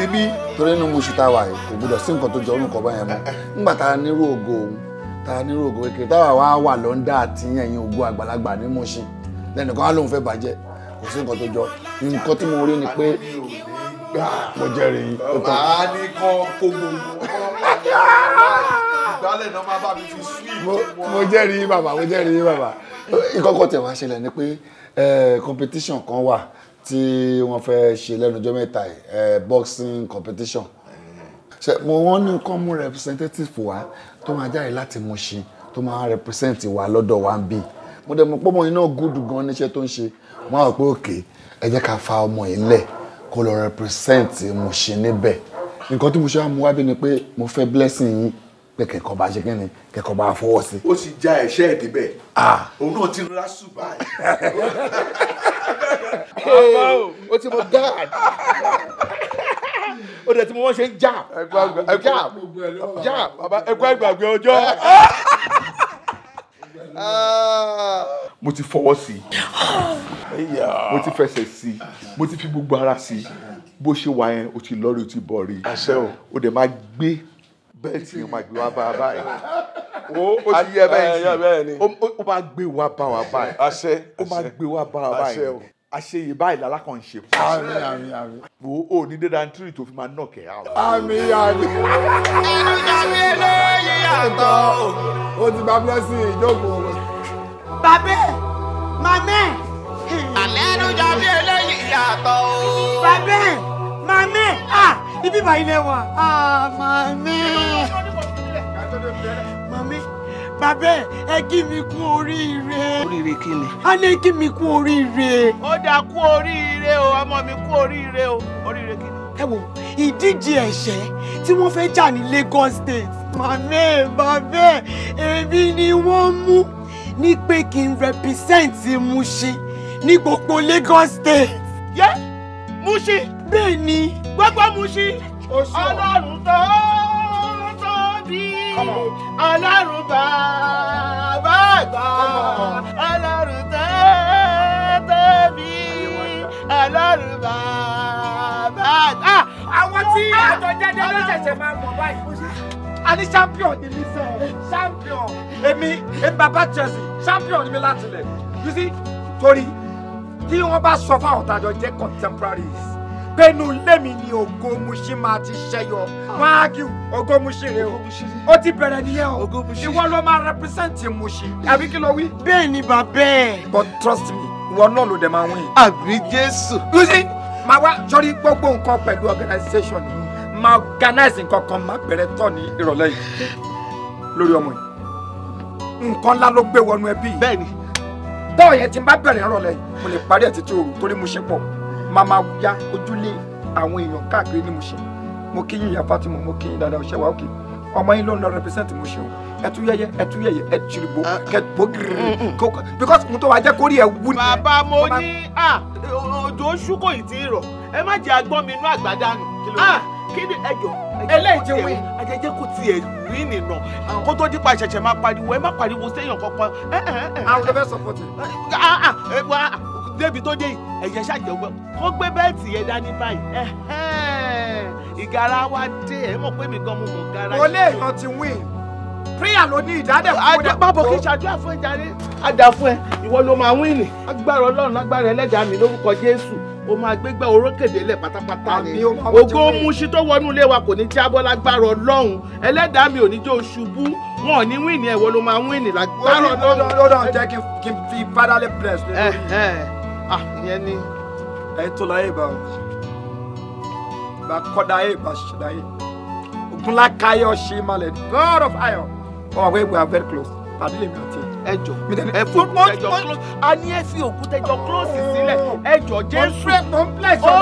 èmi. torí inú oṣù tá a wà yìí kò gbọdọ̀ sí nǹkan tó jọ orúkọ báyẹn mọ́ nígbà tá a nírú ògo òun ta nírò ògo kékeré táwa wá wà lọ́ńdà àti ẹ̀yìn ògo àgbàlagbà ní Mùṣín lẹ́nu kan á lóun fẹ́ bàjẹ́ kò sí nǹkan tó jọ nǹkan tí mo rí ni pé mo jẹ́rìí yín. màá ní kọ́ kó gbogbo ìgbálẹ̀ náà máa bá mi fi sweet. mo jẹ́rìí yín bàbá mo jẹ́rìí yín bàbá ìkọ́kọ́ tẹ̀ wá ṣẹlẹ̀ ni pé competition kan wà tí wọ́n fẹ́ ṣe lẹ́nujọ́ mẹ́ta boxing competition. mo wọ́n ní nǹkan mú representative wá tó máa jáde láti Mùṣin tó máa represent wa lọ́dọ̀ wa ń bì mo dẹ̀ mọ̀ pé ọmọ yìí náà gúdù gan níṣẹ́ tó ń ṣe wọ́n á rò pé òkè ẹ jẹ́ ká fa ọmọ yìí lẹ̀ kó lọ represent Mùṣin níbẹ̀ nǹkan tí mo ṣe wá mu wá bí ni pé mo fẹ́ blessing yín pé kẹ̀kọ́ bá ṣe kí ni kẹ̀kọ́ bá fọwọ́ sí. ó ti já ẹ̀ṣẹ́ ẹ̀ débẹ̀ òun náà ti rọra sùn báyìí. *laughs* ó ti mọ gáàdì ó dẹ̀ tí mo wọ́n ṣe ń jà ah, jà ẹ̀kọ́ ìgbàgbé ọjọ́. Ah. *laughs* mo ti fọwọ́ sí i mo ti fẹsẹ̀ sí i mo ti fi gbogbo ara sí i bó ṣe wà yẹn o ti lọ́rí o ti bọ̀ rí o dẹ̀ máa gbé bẹ́ẹ̀tì yẹn máa gbé wá bá a báyìí o *laughs* o ti yẹ bẹ́ẹ̀tì o máa gbé wá bá wa báyìí o máa gbé wá bá wa báyìí àṣeyè báyìí lálákàn ń ṣe. àmín àmín àmín. wo o ní dé dantiri tó fi máa nọ kẹ́ àwọn. àmín àmín. ẹnu tàbí eléyìí àtọ. o ti bá blessing ìjókòó. bàbá mamẹ. àlẹ́ ẹnu tàbí eléyìí àtọ. bàbá mamẹ ah, ibi bàyìí lẹ́wọ̀n ah, mamẹ bàbá ẹ kí mi kú oríire. oríire kí ni. a ní kí mi kú oríire. ó dáa kú oríire o ọmọ mi kú oríire o oríire kí ni. ẹ wo ìdíje ẹ̀ṣẹ́ tí wọ́n fẹ́ jà ní Lagos State. màmá ẹ bàbá èmi ni wọ́n mú ní pé kí n represent Mushin ní gbogbo Lagos State. yẹ Mushin. bẹ́ẹ̀ ni. gbogbo Mushin. ọlọ́run tó ọlọ́run bàbá àgbà ọlọ́run tẹ́tẹ́bí ọlọ́run bàbá àgbà. Ah, àwọn tí àjọ jẹ́jẹ́ ló ṣẹ̀ṣẹ̀ máa mọ̀ báyìí. a ní champion ni mi sẹ́ champion èmi èmi bàbá Chelsea champion ni mi láti lẹ̀ you see torí tí wọ́n bá sọ fáwọn tàjọ jẹ́ contemporaries pé inú ilé mi ni Ògómúṣí máa ti ṣẹyọ wọn á kí Ògómúṣí rẹ o ó ti bẹ̀rẹ̀ nìyẹn o ìwọ ló máa represent Múṣí àbí kí ló wí. bẹ́ẹ̀ ni bàbá ẹ̀. but trust me ìwọ náà ló dẹ̀ máa win. àbí Jésù. you see màá wá sórí gbogbo nǹkan pẹ̀lú organisation yìí máa organize nǹkan kan máa bẹ̀rẹ̀ tọ̀ ní ìrọ̀lẹ́ yìí lórí ọmọ yìí nǹkan ńlá ló gbé wọnú ẹbí yìí bẹ́ẹ̀ ni tọ́ọ̀ yẹn ti bá bẹ̀rẹ̀ ìrọ̀lẹ́ yìí mo lè parí ẹ̀ títí òru torí mo ṣe pọ̀ máa máa ya ojúlé àwọn èèyàn káàkiri ní Mushin mo kí yín ìyá Fatima mo kí yín dáadáa ọ̀ṣẹ́ wa òkè ọmọ yín ló ń lọ represent Mushin o ẹtú yẹyẹ ẹtú yẹyẹ ẹtùrìbò ah, ah. kẹtùbò gírì kókò because mo tó wàá jẹ́ kórìí ẹ̀ wú ni. bàbá mo ní ah, òjò oṣù kò ì tí ì rọ̀ ẹ má jẹ́ agbọ́n mi inú àgbàdànù kí ni ẹjọ́ eléyìí ti wí ajẹjẹ kò tiẹ̀ wí nìna kó tó dípa ṣẹ̀ṣẹ̀ máa pariwo ẹ má pariwo séèyàn kankan. Eh, eh, eh, àwọn ọ̀dọ́ sọ fún ti débi tó dé ẹ̀yẹ ṣàjẹwọ́ kó gbé bẹ́ẹ̀tì yẹn dání báyìí ìgara wa dé ẹ̀ mọ̀ pé mi gan mo mọ̀ gara. mo lè yan ti win prayer ló ní ìdádẹ́ fún mi. bábọ̀ kí ṣàdúrà fún ìjàre àdá fún ẹ ìwọ ló máa win agbára ọlọ́run lágbára ẹlẹ́dàá mi lórúkọ jésù o máa gbégbá orókèdè pátápátá ni ògo muṣi tó wọnú ilé wa kò ní jábọ́ lágbára ọlọ́run ẹlẹ́dàá mi ò ní jẹ́ oṣubú wọn ò ní win ẹ ìwọ ló máa win lágbára ọlọ́run. ó dán ó dán jẹ́ kí n fi fatherly bless lórí ah yẹn ni ẹni tó láyé bá wọn bá kọ́dá ayé bá ṣiṣẹ́ god of iron ọmọ we are very close pàdé lèmi àti ẹ jọ ẹ fò tẹjọ close a ní ẹ fi òkú tẹjọ close oh. sílẹ̀ ẹ jọ jésù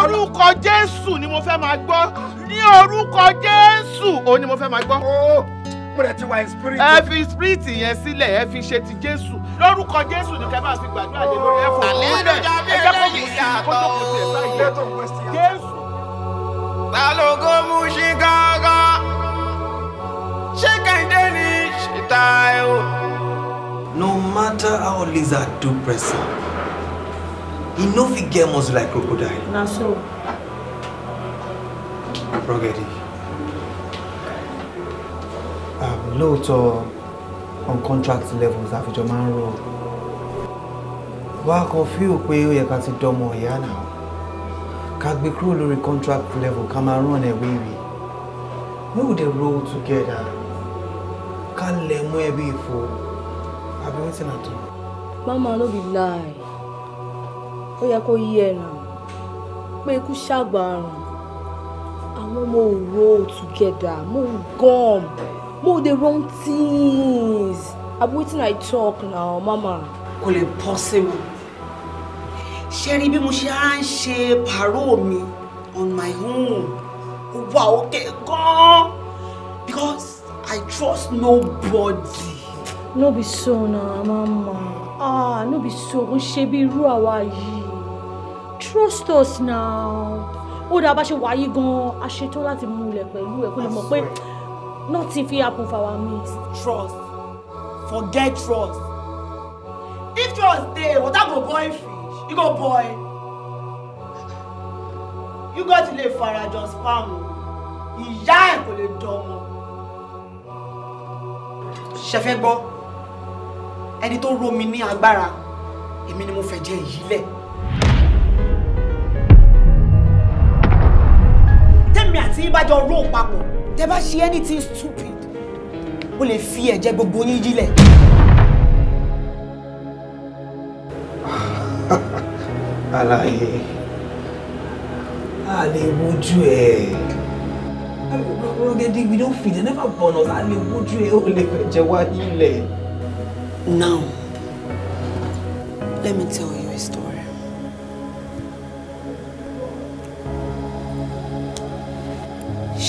orúkọ jésù ni mo fẹ́ máa gbọ́ ní orúkọ jésù òun ni mo fẹ́ máa gbọ́. Oh mo rẹ̀ ti wà in spirit. ẹ fi spirit yẹn sílẹ̀ ẹ fi ṣe ti jésù lórúkọ jésù ni kẹ́ máa fi gbàdúrà lé lórí ẹ̀fọ́ òkúrẹ́ ẹ jẹ́ kó kù sí àkójọ kò tiẹ̀ sáyé jésù. ta ló kó mú sí gángan ṣé kẹ́hìndé ni ṣètà ẹ̀ o. no matter how lizard do person e no fit get muscle like crocodile. na so. Rogedi. Um, lóòótọ́ on contract levels àfijọ́ máa ń ro wá kan fíò pé ó yẹ ká ti dọmọ ìyá náà ká gbé kúrò lórí contract level ká máa ràn ẹ̀ we would dey roll together ká le mú ẹbí ìfò àbí wetin ti mama no be lie ó yẹ kó yí ẹ nà pé ikú ṣàgbà àrùn àwọn ọmọ òró together mo gum. All the wrong things I'm waiting. i talk now mama. kò lè possible ṣe rí bí she ṣe me on my own Wow, okay, go. because i trust nobody. no be so na mama ah no be so n ṣe bí irú trust us now ó dáa bá ṣe wáyé gan-an a ṣetán láti múlẹ̀ pẹ̀lú ẹ̀ kó lè mọ̀ pé nothing fit happen for our midst. trust forget trust if trust dey water go boil fish e go boil you go to ti le farajọ spam o ìyá ẹ kò lè dọmọ. ṣẹfẹ gbọ́ ẹni tó romi ní agbára èmi ni mo fẹ́ jẹ èyí lẹ̀. tèmi àti yín bá jọ ró papọ̀ tẹ bá ṣe anything stupid ó lè fi ẹ̀jẹ̀ gbogbo yín yílẹ̀. *laughs* àlàyé a lè wojú ẹ rọgẹdì we don fit never born us a lè wojú ẹ ó lè fẹ̀jẹ̀ wá yílẹ̀. now let me tell you.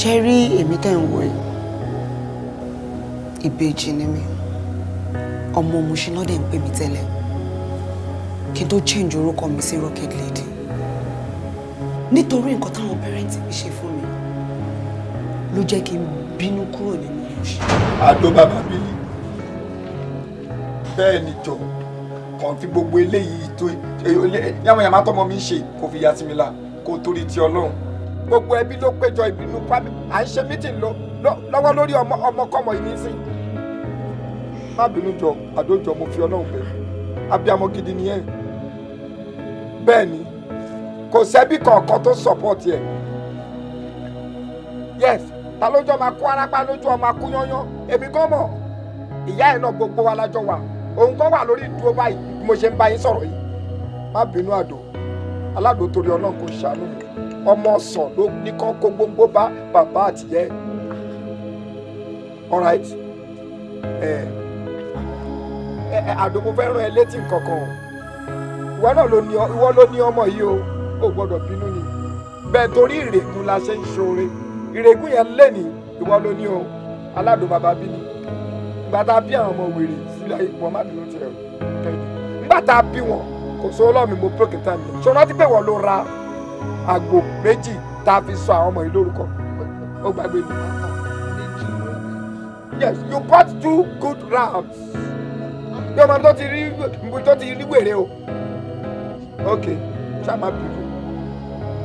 ṣe rí èmi tẹ̀ ń wò yìí ìbejì ni mi ọmọ Mushin lọ́dẹ̀ ń pè mí tẹ́lẹ̀ kí n tó change orúkọ mi sí rocket lady nítorí nǹkan táwọn parents mi ṣe fún mi ló jẹ́ kí n bínú kúrò nínú Mushin. àdó bàbá mi ni bẹ́ẹ̀ ni jọ kàn fi gbogbo eléyìí tó yàmùyàmù àtọmọ mi ṣe kò fi yá sí mi la kó torí ti Ọlọ́run gbogbo ẹbí ló péjọ ìbínú pàmì à ń ṣe mítìn lọ́wọ́ lórí ọmọkọ́mọ yìí nísìn má bínú jọ àdójọ mo fi ọlọ́run bẹ̀rù abiyamọ gidi ni ẹ bẹ́ẹ̀ ni kò sẹ́bí kọ̀ọ̀kan tó sọ̀pọ̀tì ẹ̀ yes ta lójú ọmọ akó arápá lójú ọmọ akó yányán èmi gan mọ̀ ìyá ẹ̀ náà gbogbo wa lájọ wà òun gan wà lórí ìdúró báyìí bí mo ṣe ń bá yín sọ̀rọ̀ yìí má bínú àdó aládòó torí ọlọ́run kò ṣàánú mi ọmọ ọsàn ló ní kán kó gbogbo bá bàbá àtìyẹ alright ẹ ẹ fẹ́ rán ẹ létí kankan ìwọ náà ló ní ìwọ ló ní ọmọ yìí o ò gbọdọ̀ bínú ni bẹ́ẹ̀ torí ìrègùn la ṣe ń ṣoore ìrègùn yẹn lé ìwọ ló ní o aládùn bàbá bí ni gbàtà bí àwọn ọmọ wèrè sílẹ̀ ìpọ̀ má bínú tiẹ̀ o gbàtà bí wọn kò sówó lọ́mí mo broken time ṣọlá ti pé wọ́n ló ra àgbò méjì tá a fi sọ àwọn ọmọ yìí lórúkọ ó gbàgbé mi. yes you bought two good rams bí ọmọ tó ti rí tó ti rí wèrè o ok ṣá máa bì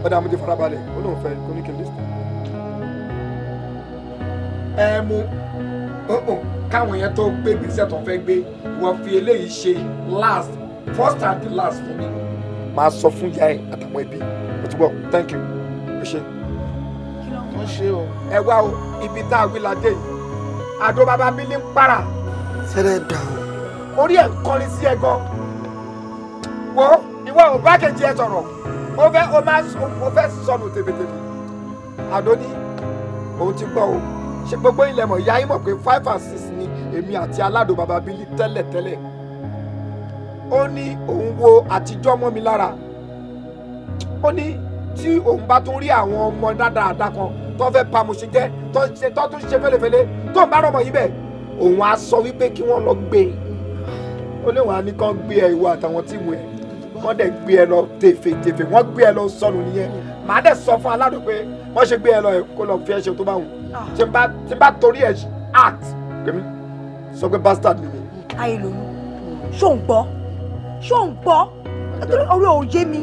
ọ̀dà mo farabalẹ̀ ó lóun fẹ́ kó ní kí n list. ẹ mu káwọn yẹn tó gbé gbèsè tó fẹ́ gbé wọ́n fi eléyìí ṣe last first and last fún mi. máa sọ fún ìyá àtàwọn ẹbí ti gbọ́ thank you ẹ ṣe. ẹ wá o ibi tá a wí ládé yìí àdó bàbá mi ní para. sẹ́rẹ̀ dà o. orí ẹ̀ ń kọrin sí ẹ gan. wo ìwọ ò bá kejì ẹ sọ̀rọ̀ ó fẹ́ ó máa ó fẹ́ sọnù tèbètèbè àdó ní òun ti gbọ́ o ṣe gbogbo ilẹ̀ mọ̀ ìyá yín mọ̀ pé five and six ni èmi àti aládùn bàbá bílí tẹ́lẹ̀tẹ́lẹ̀ ó ní òun wo àtijọ́ mọ́ mi lára ó ní tí òun bá tún rí àwọn ọmọ dáadáa kan tó fẹ́ pa mo ṣe jẹ́ tó tún ṣe fẹ́lẹ́fẹ́lẹ́ tó ń bá rọmọ yìí bẹ̀ òun á sọ wípé kí wọ́n lọ gbé e ó ní wọn á ní kán gbé ẹ ìwọ àtàwọn tíìmù ẹ wọ́n dẹ̀ gbé ẹ lọ tèfètèfè wọ́n gbé ẹ lọ sọnù nìyẹn màá dẹ̀ sọ fún aládùn pé wọ́n ṣe gbé ẹ lọ ẹ kó lọ fi ẹ ṣe tó bá wù ah. tí n bá torí ẹ act pèmí sọ pé bastard ni mi. ayé lòlù ṣó ń gbọ́ ṣó ń gbọ́ torí orí òun yé mi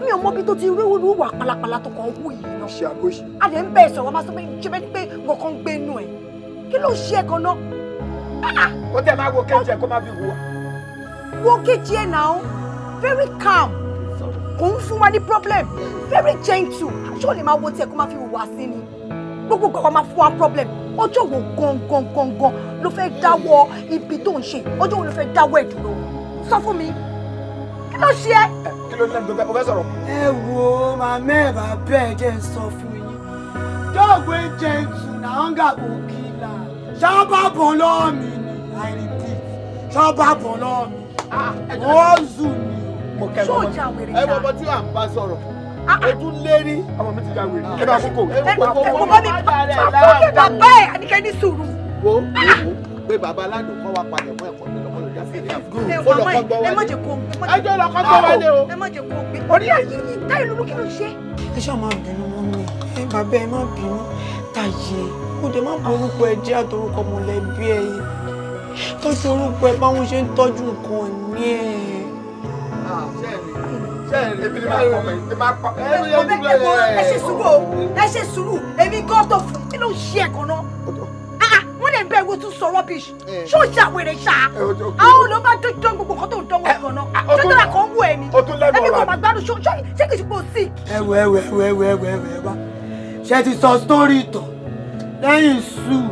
mi ò mọbi tó ti wéwu ní wà pàlàpàlà tó kàn wú yìí náà. ṣe àgọ́ṣe. a lè ń bẹ sọ̀rọ̀ máa sọ pé ṣe bẹ́ẹ̀ ni pé nǹkan gbé inú ẹ̀ kí ló ṣe ẹ̀kan náà. ó tẹ̀ máa wo kejì ẹ̀ kó má fi wù wá. wo kejì ẹ̀ náà very calm kò ń fún wa ní problem very gentle ṣé o lè máa wo tiẹ̀ kó má fi wù wá sí ni gbogbo gbogbo máa fún wa problem ọjọ́ wo gangan gangan ló fẹ́ dáwọ́ ibi tó ń ṣe ọjọ́ wo ló fẹ́ dáwọ́ ẹ̀ dúró sọ fún mi kí ló ṣe ẹ́ kí ló ní lẹ́nu tó fẹ́ o fẹ́ sọ̀rọ̀. ẹ wo màmá ẹ bá bẹ́ẹ̀ jẹ́ ń sọ fún yín dọ́ọ̀gbé jẹ́ ìtùnà ọ̀ǹgà kò kí la ṣọ́ọ́bà bọ̀ lọ́ọ̀ mi ni i repeat ṣọ́ọ́bà bọ̀ lọ́ọ̀ mi ah, wọ́n zù ni mo kẹ́ lọ́wọ́ ẹ wọ́n bọ́ tí à ń bá sọ̀rọ̀ ah, ah. ojú lérí ọmọ mi ti ya wèrè ẹ bá kókó ẹ kókó wọn bá dàrẹ láàbù bàbá ẹ àníkẹ́ ní sùúrù. wo wo pé bàbá aládùn kọ́ wa palẹ̀ mọ́ ẹ̀kọ́ náà ó lọ kọ́ gbọ́ wálé ẹjọ́ lọ kọ́ gbọ́ wálé o orí ẹ̀yìn ni táyé lulú kí ló ń ṣe. ẹ ṣáà máa bínú mọ́ mi ẹ bàbá ẹ má bínú táyé kó dé má borúkọ ẹ jẹ́ àtọrúkọ mọ̀lẹ́bí ẹ yìí tọ́jú orúkọ ẹ báwọn ṣe ń tọ́jú nǹkan ní ẹ. ẹ ṣe sùúrù ẹ ṣe sùúrù èmi kọ́ tó fún mi ló ń ṣe ẹ̀kan náà o tún sọ rubbish ṣó ṣàwèrè ṣá àwọn olóò bá dán gbogbo nǹkan tó ń dán gan náà ṣé tọ́lá kan wú ẹni ẹbí kò máa gbádùn ṣó ṣé kìí ṣùgbọ́n sí. ẹwẹ ẹwẹ ẹwẹ ẹwẹ ẹwẹ ẹwẹ wa ṣe ti sọ sítórì ìtàn lẹ́yìn sùn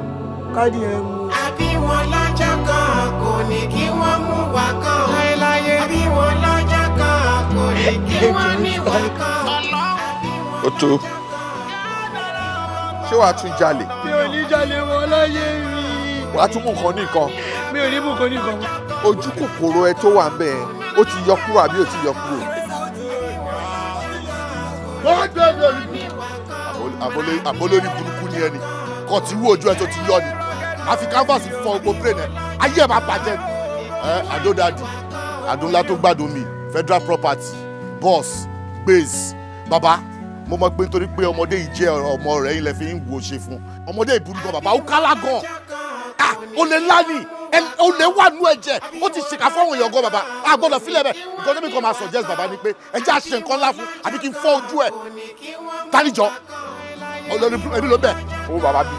káàdì ẹ̀ mú. àbí wọn lọ́jọ́ kan kò ní kí wọ́n mú wa kan láéláyé àbí wọn lọ́jọ́ kan kò ní kí wọ́n ní wa kan. ó tó ṣé wàá tún jalè. mi ò ní jalè wọn láyé mi wàá tún mú nǹkan ní nǹkan. mi ò ní mú nǹkan ojú kòkòrò ẹ tó wà ń ó ti yọ kúrò àbí ó ti yọ kúrò. àbólórí burúkú ni ẹni kò tí wú ojú ẹ tó ti yọ ni àfi canvas fọ gbogbo brain ẹ ayé ẹ máa bàjẹ́ ẹ àdódàdì àdúnlá tó gbádùn mi federal property boss gbèsè baba mo mọ pé nítorí pé ọmọdé yìí jẹ ọmọ rẹ ilẹ̀ fi ń wò ṣe fún ọmọdé ìbúrú gan bàbá ó kálá gan Ah, olè lánìí olè wà nú ẹ̀jẹ̀ ó ti ṣèkà fọ́ọ̀hún ìyọ̀gọ́ bàbá a gbọ́dọ̀ fílẹ̀ bẹ́ẹ̀ nǹkan tẹ́mi kan máa suggest bàbá ni pé ẹ̀jẹ̀ àṣẹ nǹkan ńlá fún àbí kí n fọ́ ojú ẹ̀ tánìjọ́ olórí ẹbí ló bẹ̀. ó bàbá bí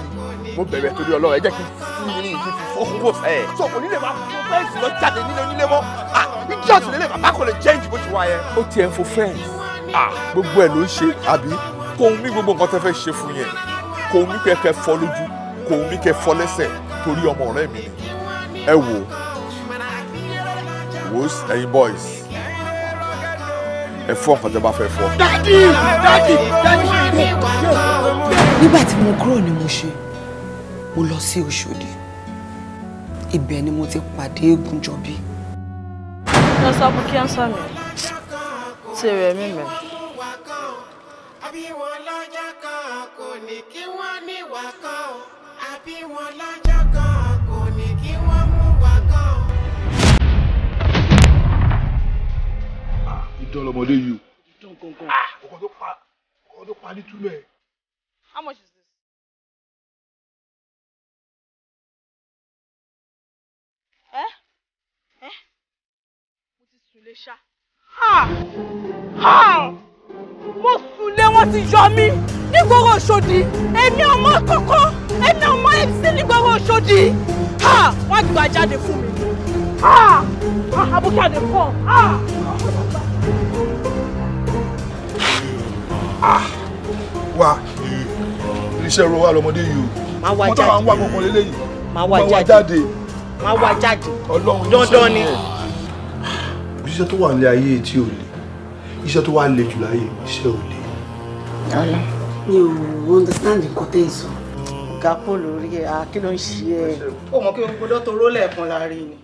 mo bẹ̀rẹ̀ torí ọlọ́run ẹ jẹ́ kí n fún yín ní ìdí fọ́ọ̀kúrò fẹ́ ẹ̀. sọ kò nílé máa fún fẹ́ǹsì lọ jáde nílé onílé mọ́ ìjọ́ ah, àtìlélẹ̀ bàbá kò lè jẹ́ ìdí bó ti wá yẹn. ó tiẹ̀ ń fo fẹ́ǹsì ah, gbogbo ẹ̀ ló ń ṣe àbí kò ń mí gbogbo nǹkan tẹ́ fẹ́ ṣe fún yẹn kò ń mí kẹ́ fẹ́ fọ́ lójú kò ń mí kẹ́ fọ́ lẹ́sẹ̀ nítorí ọmọ ọ̀rẹ́ mi ẹ wò wò ẹ̀yin boys ẹ fọ nǹkan tẹ́ bá fẹ́ fọ. dadi dadi dadi. nígbà tí mo kúrò ní mo ṣe mo lọ sí Òṣòdì ibẹ̀ ni mo ti pàdé Ègúnjọbí. lọ sábú kí á sàmì tí rẹ mímẹ. bí wọn lọ́jọ́ kan kò ní kí wọ́n níwà kan àbí ah, yìí ah, ọkọ tó pa ọkọ tó pa nítumọ̀ ẹ̀. How much is this? ẹ eh? ẹ eh? mo ti sùn lè ṣá mo sùn lé wọn ti yọ mí nígboro Òṣòdì èmi ọmọ kókó èmi ọmọ mc nígboro Òṣòdì wọn gbà jáde fún mi abúkẹ́ àdè fún ọ. wà iṣẹ́ ro wa lọmọdé yìí o wọ́n táwọn ń wá kankan lélẹ́yìn máa wá jáde máa wá jáde dandan ni. òṣìṣẹ́ tó wà nílé ayé tí ò lè iṣẹ́ tó wá le jù láyé iṣẹ́ ò le. ọ̀la mi ò understand nǹkan tẹ́ ẹ sọ. ga lórí ẹ̀ a kí ló ń ṣe ẹ̀. ó mọ̀ kí gbọ́dọ̀ tó rólẹ̀ ẹ̀kan láàrin ni.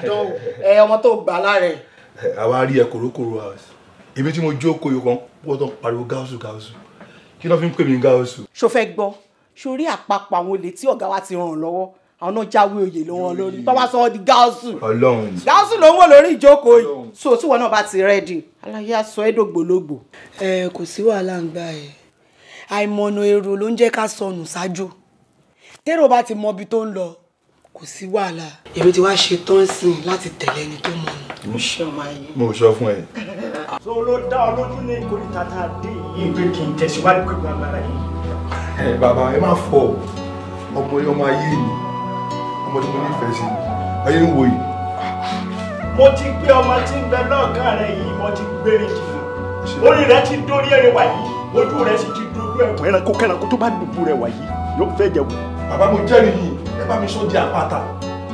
ìdán ẹ ọmọ tó gbà lára ẹ̀. àwa rí ẹ kòrókòrò house ibi tí mo jókòó yìí kan wọ́n tó ń pariwo gáúsù gáúsù kí ló fi ń pè mí gáúsù. ṣo fẹ́ gbọ́ sórí àpapọ̀ àwọn olè tí ọ̀gá wa ti ràn lọ́wọ́ àwọn náà jáwé oyè ló wọn lórí tó bá sọ ọ́ di gáúsù gáúsù ló ń wò lórí ìjókòó so tí wọn náà bá ti rẹ́ẹ̀dì aláyé aṣọ ẹ̀dògbòlógbò. ẹ kò sí wàhálà ń gbà ẹ àìmọ̀nà èrò ló ń jẹ́ ká sọnù ṣáájú tẹ́rọ bá ti mọ ibi tó ń lọ kò sí wàhálà. èmi ti wá ṣe tán sìn láti tẹ̀lé ẹni tó mọ̀ nù. mo sọ fún ẹ. so ló dá ọ lójú ní ìkórè tata dé yìí pé kì í tẹ̀síwájú pé mo yìí. ẹ bàbá ẹ má fọ ọmọ ilé ọmọ ayé ni mo ti mo nífẹ̀ẹ́ sí ẹyẹ ń wo mo ti gbé ọmọ tí ń bẹ lọ́ọ̀kan rẹ yìí mo ti gbére jìnnà orí rẹ ti dórí ẹrẹwà yìí ojú rẹ sì ti dúdú ẹ̀wọ̀n ẹranko kẹranko tó bá dùbù rẹ wà yóò fẹ́ jẹ wò. bàbá mo jẹ́rìí yìí ẹ bá mi sọ di àpáta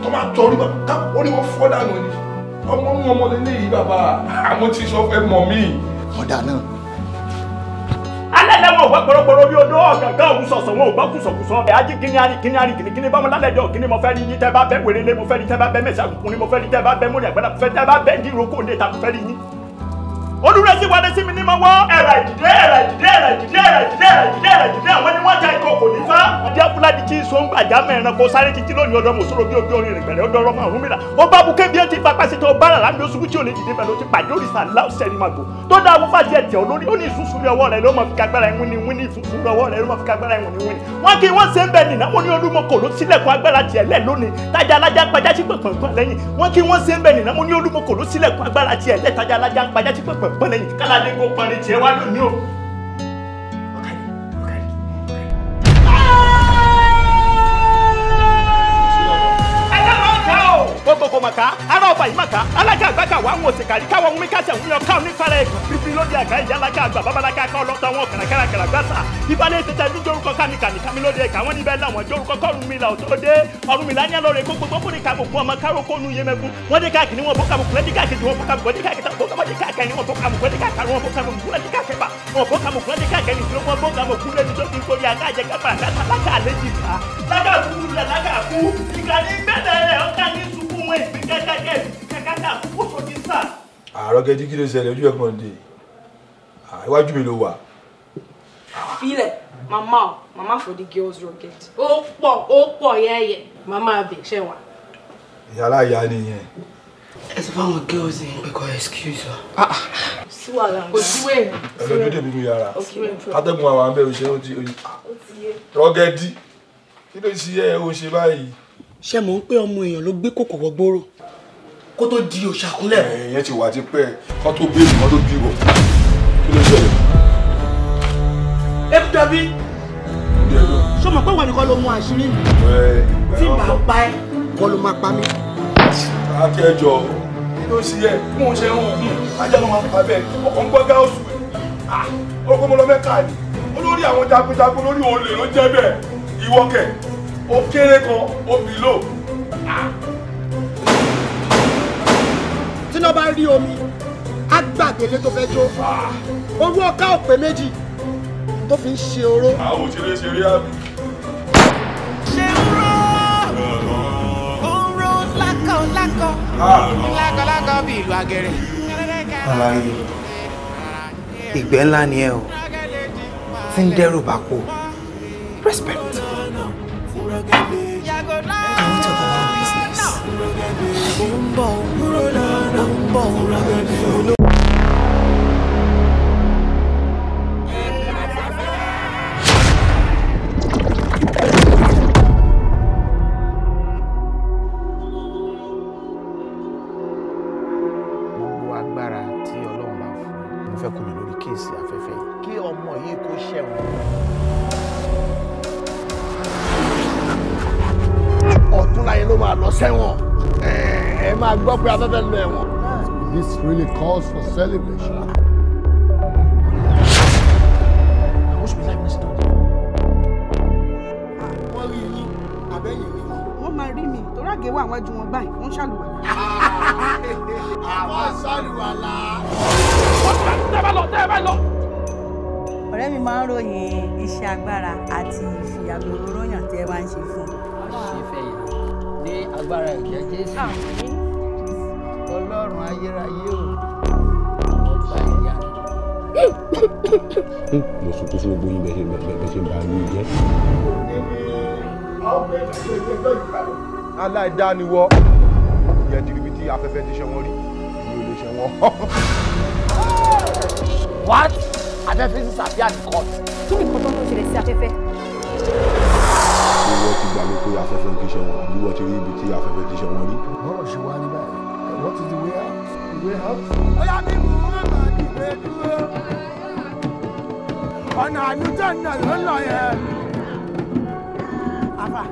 tó máa tọ orí bàbá orí wọn fọ́ dànù ni ọmọ mú ọmọ lélẹ́yìí bàbá àwọn *laughs* tí sọ fẹ́ mọ̀ mí. ọ̀dà náà alẹ́ lẹ́wọ̀n ògbọ́ pọ̀rọ̀pọ̀rọ̀ bí odó ọ̀gàngán òwúsọ̀sọ̀ wọn ògbọ́ kùsọ̀kùsọ̀ ẹ̀ ají kíní arí kíní arí kíní kíní bámu lálẹ́jọ́ kíní mo fẹ́ rí yín tẹ́ bá bẹ́ wèrè lé mo fẹ́ rí tẹ́ bá bẹ́ mẹ́sàkùnkùn ni mo fẹ́ rí tẹ́ bá bẹ́ mọ́lẹ̀ àgbàdà mo fẹ́ tẹ́ bá bẹ́ díroko ní ìta mo fẹ́ rí yín olùrẹsì wa dé sí mi ní ma wọ́. ẹ̀rà ìdìdé ẹ̀rà ìdìdé ẹ̀rà ìdìdé ẹ̀rà ìdìdé ẹ̀rà ìdìdé ẹ̀rà ìdìdé àwọn ni wọ́n ja ikọ̀ kò ní fa. ọdẹ fúlàdì tí so ń gbàjà mẹ́rin kó sáré títí lónìí ọdọ mọ̀sọ́rọ̀ bí ojú orin ìrìngbẹ̀rẹ̀ ọdọ ọrọ̀ márùn-ún mìíràn. ó bá bukẹ́ bí ẹ ti fa pásítọ̀ ó bára láàmì oṣù tí ò lè dìde pẹ̀lú ti pàdé òrìṣà láòṣẹ́ ni màgò. tó dáa wọ́n fàájì ẹ̀jẹ̀ olórí ó ní ìsúnsú ní ọwọ́ rẹ̀ ló máa fi kagbára ẹ̀wọ̀n ni wọ́n ní ìsúnsú ní ọwọ́ rẹ̀ ló máa fi kagbára ẹ̀wọ̀n pẹ́ lẹ́yìn káládé kó parí tiẹ̀ wá lónìí o. gbogbogbò màkà ará ọba yìí màkà alága àgbàkà wà wọn òsè kàrí káwọn ohun mi kásẹ̀ ń yan káwọn nípa rẹ̀ ẹ̀gbọ́n lóde àgbà ìyá alága àgbà babalága ká ọlọ́ta wọn kàràkàràkàrà gbàsà ìbálẹ̀ tètè ní jórúkọ kánìkànìkà mi lóde ẹ̀ka wọn níbẹ̀ làwọn jórúkọ kọ́ọ̀rù mi là ò dé ọ̀run mi láyé lọ́rẹ̀ kó gbogbo kórè ká gbogbo ọmọ káró kó nu yé mẹ́kú wọn ọwọ́ ẹ̀ fi dájájẹ́ kàkàtà kó sọ̀tì sà. àárọ̀ kẹ́jú kí ló ṣẹlẹ̀ ojú ẹ̀kan dé iwájú mi ló wà. filẹ̀ màmá o màmá for the girls rocket ó pọ̀ ó pọ̀ yẹ́yẹ́ Mama, abẹ̀ ṣẹ̀ wá. ìyálà ìyá nìyẹn. ẹ sọ fáwọn girls yẹn pé kò excuse wa. Ah, ah. sí wàhálà kò sí wẹ̀rẹ̀. ẹ lọ dédé mi ní yàrá kátẹ́gùn àwọn àbẹ̀wò ṣe é ah. ó ti yé. rọ́gẹ́dì kí ló ṣe yẹ ẹ ó ṣe báyìí ṣé mọ̀ ń pé ọmọ èèyàn ló gbé kòkòrò gbòòrò kó tó di òṣàkúnlẹ̀. ẹ̀yìn ti wà á ti pẹ́ kó tó bí kó tó bí wọ̀ kí ló ṣẹlẹ̀. ebi dabi ṣé o mọ̀ pé ìwọ nìkan ló mú àṣírí mi tí mà á pa ẹ́ kọ́ ló máa pa mí. akẹ́jọ ló ṣe yẹ kí wọ́n ṣe ń hàn hmm, ajá ló máa pa bẹ́ẹ̀ ọkọ̀ ń gbọ́ gáàsù ẹ̀ orúkọ mọ́lọ́mẹ́ka ni olórí àwọn jagunjagun lórí olè ló jẹ́ bẹ́ẹ̀ ó kéré kan ó bì lò. tíná bá rí omi á gbàgbé ilé tó fẹ́ jó orú ọ̀ká òpè méjì tó fi ń ṣe oró. àwọn òṣèré ṣeré àbí. ṣé ń rọ ń rọ lákọ lákọ lákọ lákọ bí ìlú agẹrẹ. aláyé ìgbẹ́ ńlá ni ẹ o tí ń dẹ́rù bá kú respect. bone, run on, bone, run on, pé afẹ́fẹ́ lọ ẹ̀wọ̀n. This really calls for celebration. Ah, ọ̀rẹ́ mi máa ń ròyìn iṣẹ́ agbára àti ìfìyàgbòrò tí ẹ wá ń ṣe fún. àṣìfẹ́ ní agbára ìjẹ́ Jésù ọ̀run ayérayé o hm, mo sùn kó fún gbogbo yín bẹ́ẹ̀ bẹ́ẹ̀ ṣe ń ba ayé jẹ́. aláìdániwọ yẹn ti afẹ́fẹ́ ti ṣe wọ́n rí mi ò lè ṣe wọ́n. *laughs* what afẹ́fẹ́ sísà bí àdìkọ́. kí ni kọ́tọ́ tó ṣẹlẹ̀ sí afẹ́fẹ́ wọ́n ti gbàgbé pé afẹ́fẹ́ ti ṣe wọ́n bí wọ́n ti rí ibi tí afẹ́fẹ́ ti ṣe wọ́n rí. bọ́rọ̀ ṣe wá ní báyìí. What is the way out? The way out? Oya bí mo máa ma dìbò dúró. Ọ̀nà àlùjọ náà ló lọ yẹn. Àfà.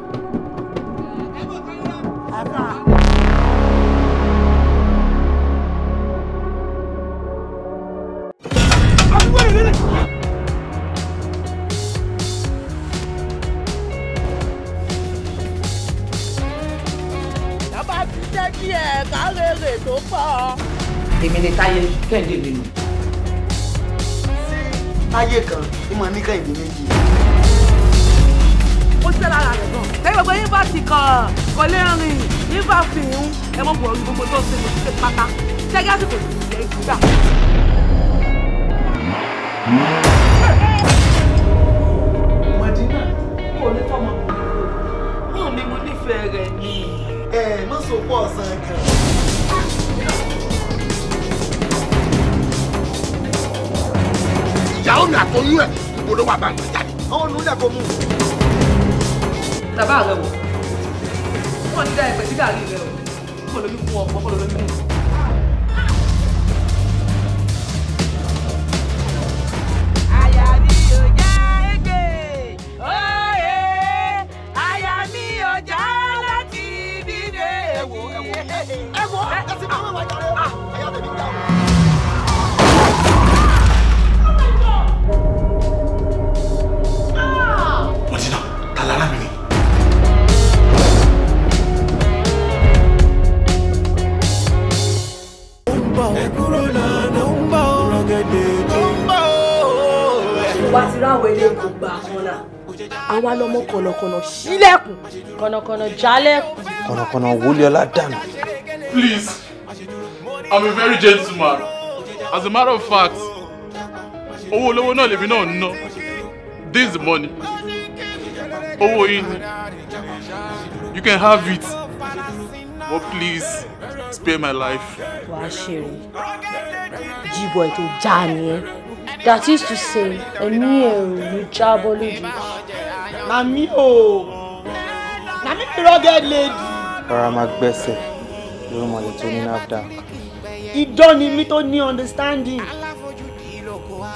Àfà. èmi ni táyé kẹ́hìndé mi nù. táyé kan ni mo ní kẹ́hìndé méjì. ó ṣe lára rẹ̀ gan. ẹ gbogbo yín bá ti kàn kò lè rìn yín bá fi hùn ẹ mọ̀ bọ̀ gbogbo tó ṣe mo ti ṣe pátá ṣẹ́gá sì kò sì jẹ́ ìgbà. mọ̀dínà kò ní fọmọ kò ní mi mo nífẹ̀ẹ́ rẹ̀ ni. ẹ má sọ pọ̀ ọ̀sán ìyàwó mi àtọyún ẹ̀ ibo ló wà bá mi jáde. àwọn olùdílé kò mú. bàbá rẹ wò wọn ti dá ẹgbẹ sí gàrí rẹ o kó lóyún fún ọkọ kó lóyún fún ọkọ. ọ́ ló ń bọ̀ ọ́ rọ̀gẹ̀dẹ̀ ló ń bọ̀ ọ́. wá ti ráwọ̀ ilé gbogbo àkànlá àwa lọmọ kọ̀nàkọ̀nà sílẹ̀kùn kọ̀nàkọ̀nà jálẹ̀kùn. kọ̀nàkọ̀nà wọléọlá dànù. Please, I'm a very gentleman. As a matter of fact, owó olówó náà lèmi náà ń ná. This money. Owó yìí You can have it. But please spare my life. wàá ṣèrè G-boy tó já nìyẹn that is to say ẹ̀mí ẹ̀rù ló jábọ́ na mi o na mi rugged lady. rárá máa gbẹ́sẹ̀ lórí mọ̀lẹ́ tó ní nafdac. don't need me to need understanding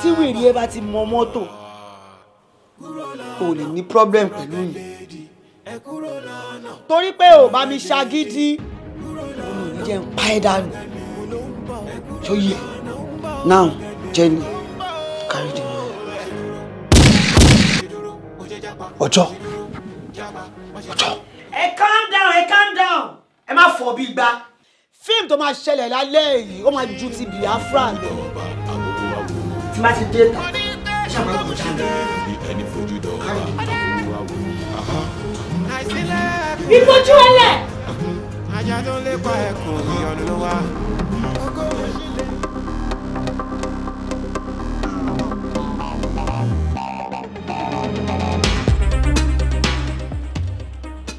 tí wèrè ẹ bá ti mọ mọ́tò o lè problem pẹ̀lú mi torí pé ò bá mi ṣagídí jẹ́ ń pa ẹ́ dànù now Jenny carry the money. ọjọ́ ọjọ́. ẹ calm down ẹ calm down ẹ má fọ bí gbá. fíìmù tó máa ṣẹlẹ̀ lálẹ́ yìí ó máa ju ti Biafra lọ. tí wọ́n ti dé ta ẹ ṣàmúlò kò fojú dọ̀ ọ́ ajá tó ń lépa ẹkùn ìyọnu ló wá.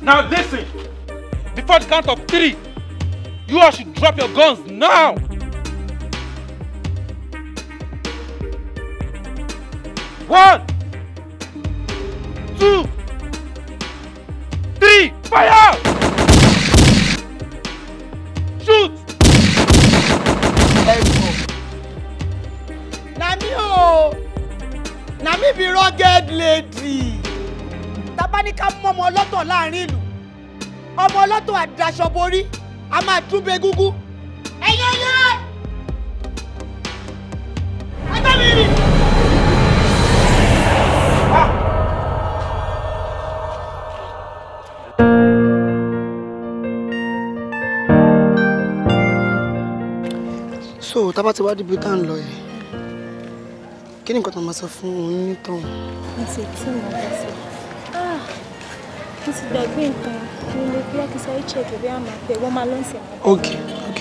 Now listen, before the count of three, you all should drop your guns now. One, two, three, fire! Shoot! Na mi o! Oh. Na rugged lady. Tá bá ní ká mú ọmọ ọlọ́tọ̀ láàrin A máa dúbe gúgú. Ẹyẹ yẹ! Ẹgbẹ́ mi thank ah. you tá a bá ti wá débi tá à ń lọ yìí kí ni nǹkan tó máa sọ fún oyún tán. mo ti tí mo bá sọ ah, mo ti gbàgbé nǹkan mo lè fi láti sáré check bí a máa pẹ wọn máa lọ sí àwọn. ok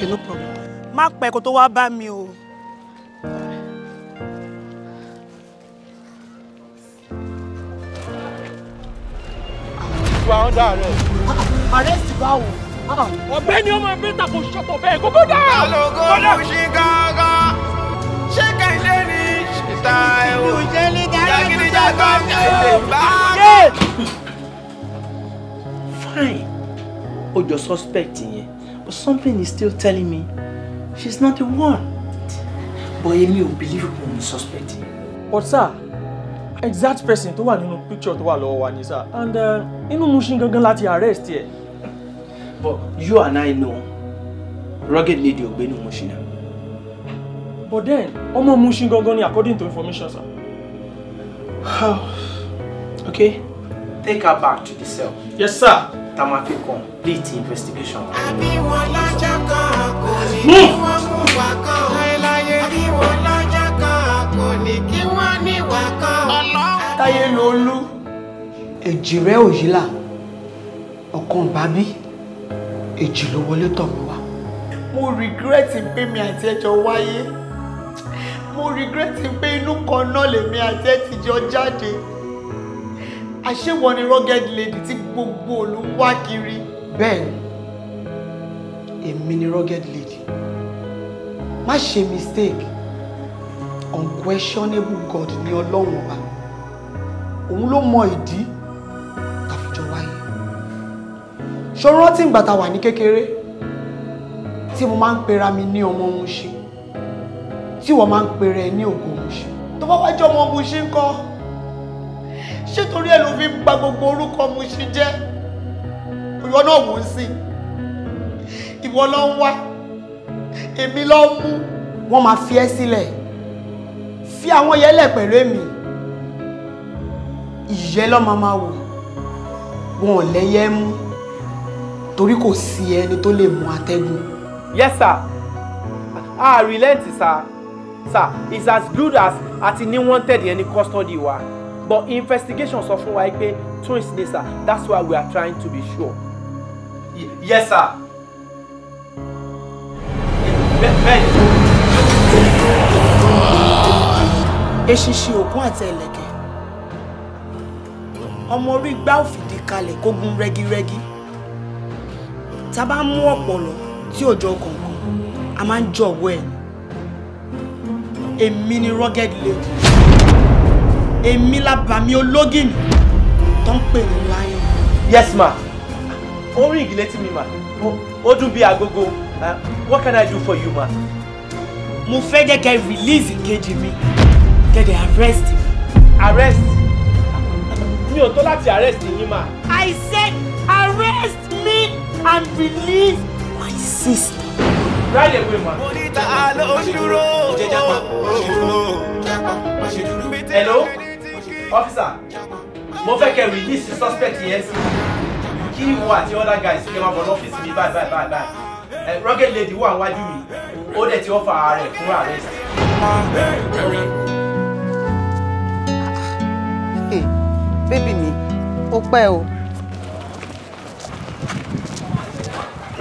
no problem. má pẹ́ kó tó wá bá mi o. ìwà ọ̀dà rẹ̀. Ah, ọ̀gbẹ́ni ọmọ ẹgbẹ́ tàbí ṣọ̀tọ̀ bẹ́ẹ̀ kókó dá. alógo mú sí gángan ṣé kẹ́hìndé ni ṣètà ẹ̀wọ̀n jàgídíjàgbá ẹ̀lẹ́ bá. fine ó jọ suspect yẹn but something is still telling me she's not the one but èmi ò believe kò ní suspect yẹn. but sir exact person tó wà nínú picture tó wà lọ́wọ́ wa ni sir and uh, inú Mushin gangan láti arrest yẹn. But you and I know rugged lady Ogbeni Mushin. But then, Omo Mushin Gongoni according to information, sir. okay. Take her back to the cell. Yes, sir. Tá máa complete the investigation. Move! Táyé lolú. Èjì rẹ̀ òyìnlá, ọ̀kan èjì ló wọlé tọ̀ mí wá. mo regret pé mi àti ẹjọ́ wáyé mo regret pé inú kan náà lèmi àti ẹ ti jọ jáde àṣewọ ni rugged lady tí gbogbo òlu wá kiri. bẹ́ẹ̀ni èmi ni rugged lady má ṣe mistake unquestionable god ni ọlọ́run ọba òun ló mọ ìdí. ṣó rántí ìgbà tá a wà ní kékeré tí mo máa ń pera mi ní ọmọ Mushin tí wọ́n máa ń pera ẹ ní ògo Mushin tó bá wájú ọmọ Mushin ńkọ́ ṣé torí ẹ ló fi ń gba gbogbo orúkọ Mushin jẹ́ ìwọ náà wò ó sí ìwọ ló ń wá èmi ló mú wọ́n máa fi ẹ́ sílẹ̀ fi àwọn yẹlẹ̀ pẹ̀lú èmi ìyẹ́ máa máa wò wọn ò lẹ́yẹ mú torí kò sí ẹni tó lè mú atẹ́gùn. yes sir a relent sir sir it's as good as àti ní wanted yẹn ní custody wa but investigation sọ fún wa pé twins ni sir that's why we are trying to be sure. yes sir. bẹ́ẹ̀ni. eṣinṣin òkú àti ẹlẹ́kẹ̀ ọmọ orí gbá òfìdí kalẹ̀ kógun rẹ́gírẹ́gí tá a bá mú ọ̀pọ̀lọ tí òjò kọ̀ọ̀kan a máa ń jọ̀wọ́ ẹ̀ èmi ni rugged lady èmi lábàmí ológìní tó ń pè ní lion. yes ma ó rí ìgìlẹ̀ tí mi mà ó dún bí agogo what can i do for you ma. mo fẹ́ jẹ́ kẹ́ release ìkejì mi kẹ́dẹ̀ arrest mi. arrest mi ò tó láti arrest yín ma. i said arrest me and release my sister. Right away, man. Hello? Officer, mo fẹ́ kẹ́ release the suspect yẹn sí. Kí ìwọ àti other guys kẹ́ máa bọ̀ lọ́fíìsì mi báyìí báyìí báyìí báyìí. Eh, rugged lady wà níwájú mi, ó dẹ̀ ti offer ààrẹ fún arrest. Bébì mi, ó pẹ́ o.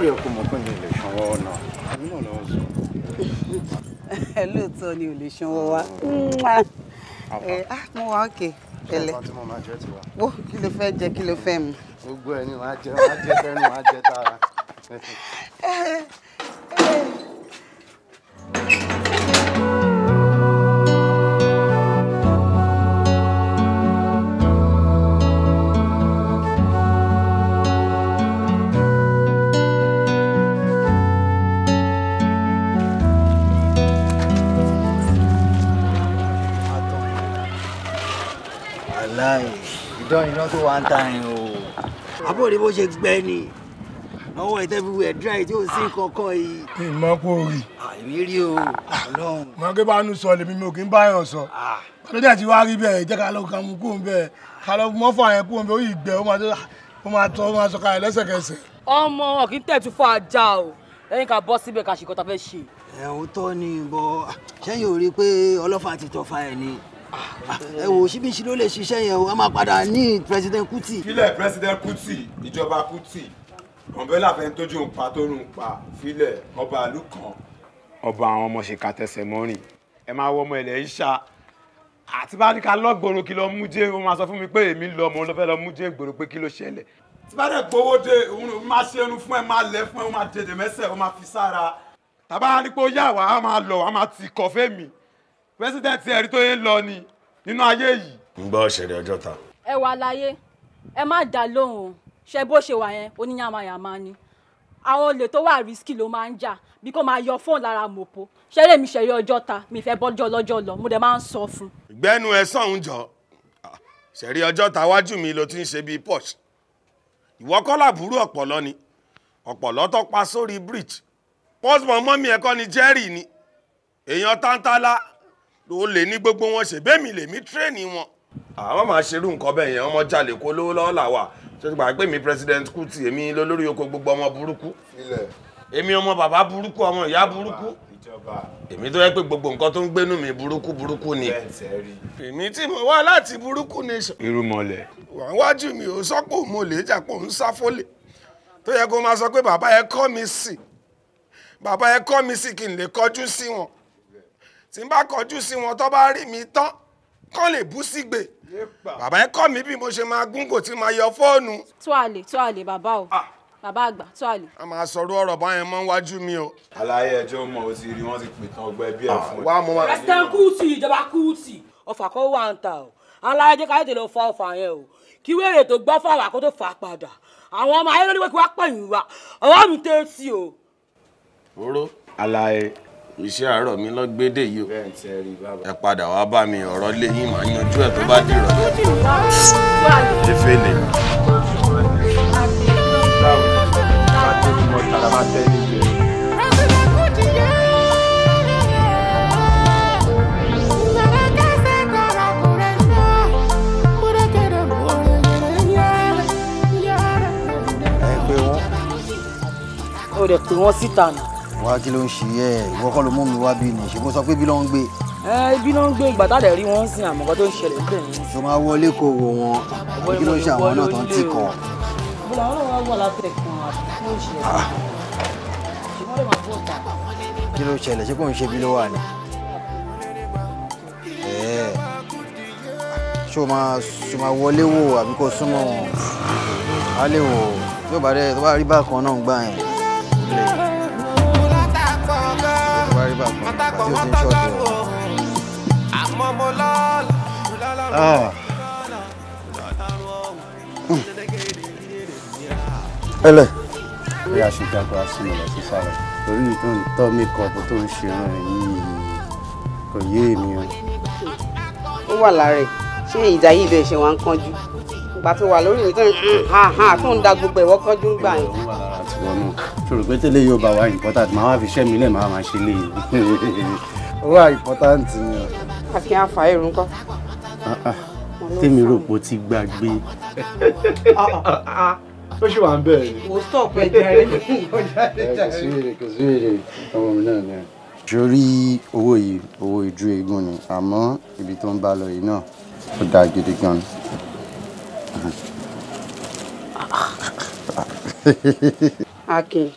ó yẹ kó mọ̀ pé mi ò lè sanwó náà èmi náà lọ́wọ́ sọ. *laughs* lóòótọ́ ni ò lè sanwó wa eh, ah, mo wà ókè tẹ́lẹ̀ wo kí ló fẹ́ jẹ kí ló fẹ́ mu. gbogbo ẹni wàá jẹ wàá jẹ fẹ́ràn wàá jẹ tara. *laughs* Eh, eh. láì ìdán iná tó wà ń ta yẹn o. àbúrò ni bó ṣe gbẹ ni àwọn ìtẹ́bíwú dry tí ò sí kankan yìí. ìmọ̀ kò rí. àmì rí o ọlọ́run. mo gbé bá nu sọ lèmi mi ò kí ń báyọ̀ sọ. lọ́dẹ̀ tí wàá rí bẹ́ẹ̀ jẹ́ ká lọ kàn mú kóun bẹ́ẹ̀ ká lọ mọ́fà yẹn kóun bẹ́ẹ̀ ó yìí gbẹ ó máa tọ́ ó máa sọ kalẹ̀ lẹ́sẹ̀kẹsẹ̀. ọmọ ọkì ń tẹ̀tù fún ajá o lẹ́yìn ká bọ́ síbẹ̀ ká ṣèkọ́ta fẹ́ ṣe. ẹ̀ òótọ́ ni bọ́ ṣẹ́yìn ò rí pé ọlọ́fà ti tọ́fà ẹ̀ ni Ah, ẹ wò síbi ìṣí ló lè ṣiṣẹ́ yẹn o a máa padà ní president Kuti. filẹ̀ president Kuti ìjọba Kuti kọ̀ǹbẹ́là fẹ́ tójú ń pa tó rùn pa filẹ̀ ọba àlù kan. ọba àwọn ọmọ ṣèkà tẹsẹ̀ mọ́rin ẹ máa wọ ọmọ ilẹ̀ ìṣá àti bá ní ká lọ́gbọ̀rọ̀ kí lọ mú jẹ́ o máa sọ fún mi pé èmi lọ mọ lọ́fẹ́ lọ mú jẹ́ ìgboro pé kí ló ṣẹlẹ̀. tí bá dẹ̀ gbowó dé máa ṣe irun fún ẹ máa lẹ fún ẹ ó máa dèdè mẹ́sẹ̀ ó máa fi sára. tàbá ní pé ó yà wá á máa lọ wá máa tì kọ́ fẹ́ mi pẹ́sídẹ̀ntì ẹ̀rí tó yé ń lọ ni nínú ayé yìí. ń gbọ́ ṣẹ̀rẹ̀ ọjọ́ ta. ẹ wà láyé ẹ má dá lóhùn o ṣe bó ṣe wà yẹn oníyàmáyàmá ni àwọn olè tó wà risky ló máa ń jà bí kò máa yọ fóònù lára mọ̀pọ̀ ṣeré mi ṣeré ọjọ́ ta mi fẹ́ bọ́jọ́ lọ́jọ́ lọ mo dẹ̀ máa ń sọ fún. gbẹ́nu ẹ sọ̀hún jọ ṣẹ̀rí ọjọ́ ta wájú mi ló ti ń ṣe bíi posh ìwọ kọ́ làbúrú ọ̀pọ̀lọ́ ni ọ̀pọ̀lọ́ tó pa sórí bridge pọ́sùmọ̀ mọ́mí ẹ̀kọ́ ni jerry ni èèyàn tántálá ó lè ní gbogbo wọn ṣe bẹ́ẹ̀ mi lè mí tírẹ́ẹ̀nì wọn. àwọn máa ṣerú nǹkan bẹ́ẹ̀ yẹn ọmọ jalè kó lówó lọ́wọ́ là wà ṣé ti gbà pé mi president Kuti èmi lólórí oko gbogbo ọmọ burúkú èmi ọmọ bàbá burúkú ọmọ ìyá burúkú èmi tó yẹ pé gbogbo nǹkan tó ń gbénú mi burúkú burúkú ni èmi tí mo wá láti burúkú nation. irúmọlẹ̀. wà á wájú mi ò sọ́pọ̀ mo lè jà pọ̀ ń sáfólè tó yẹ kó máa sọ pé bàbá ẹ kọ́ mi sí bàbá ẹ kọ́ mi sí kí n lè kọjú sí wọn tí n bá kọjú sí wọn tó bá rí mi tán kán lè bú sígbe bàbá yẹn kọ́ mi bí mo ṣe máa gúngò tí máa yọ fóònù. tó àlè tó àlè bàbá o ah. bàbá àgbà tó àlè. a máa sọ̀rọ̀ ọ̀rọ̀ báyẹn mọ́ wájú mi o. aláyé ẹjọ́ mọ̀ ó ti rí wọ́n ti pè tán ọgbẹ́ ẹbí ẹ̀ ah, fún ẹ. president kuti ìjọba kuti ọfà kan wà ń ta o aláyé jẹ́ káyọ̀tẹ̀ lọ fa ọfà yẹn o kí wéèrè tó gbọ́ fàrà kó tó fà á padà àwọn ọmọ ayélujára o. oró aláyé iṣẹ́ àárọ̀ mi lọ yìí o ẹ padà wá bá mi ọ̀rọ̀ lẹ́yìn màá yanjú ẹ̀ tó bá dìrọ̀ ẹ̀fẹ́ lè ó rẹ̀ pé wọ́n síta nù wá kí ló ń ṣe ẹ ìwọ kọ́ ló mú mi wá bí ni ṣe mo sọ pé bí ló ń gbé. ẹ ibi ló ń gbé ìgbà tá a lè rí wọn sìn àmọ́ tó ń ṣẹlẹ̀ ń tẹ̀yìn. tó máa wọlé kó wo wọn kí ló ń ṣe àwọn náà tó ń tì kọ. bùrọ̀ àwọn náà wà látẹ̀ kan àti kí ló ṣe ẹ̀ ah. lè máa bọ̀ ta. kí ló ṣẹlẹ̀ ṣé kò ń ṣe bí ló wà ni. ṣé o máa ṣe máa wọlé wò àbí kó súnmọ́ wọn á lè wò tó bá rí bákan náà gbà yẹn. bá fún un àti òsín ṣọ́ọ̀tù wọn. ẹlẹ bí a ṣe jagun asínú lọ sí sáré torí tó ń tọ́ mi kọ̀ọ̀bù tó ń ṣe ràn yìí kò yé èmi o. ó wà lára ẹ̀ ṣé ìjà yìí bẹ́ẹ̀ ṣe wá ń kánjú ìgbà tó wà lórí mi tó ń ha ha tó ń da gbogbo ẹ̀wọ́ kánjú ń gbà yẹn wọn náà ṣòro pé tẹ́lẹ̀ yóò bá wa important màá wá fi ṣẹ́ mi lẹ̀ màá máa ṣe lé yìí *laughs* ó wà important ni o. àfi àfà èrò ńkọ́. tèmi rò pé o ti gbàgbé. ó ṣì wà ń bẹ̀ ni. kò stop ẹ jàre. *laughs* Eh, kò sí èrè kò sí èrè ọmọ mi náà ni. sórí owó yìí owó ìjú eégún ni àmọ́ ibi tó ń bá lọ yìí náà ó dáa gidi gan ni. Ah, ah. *laughs* akin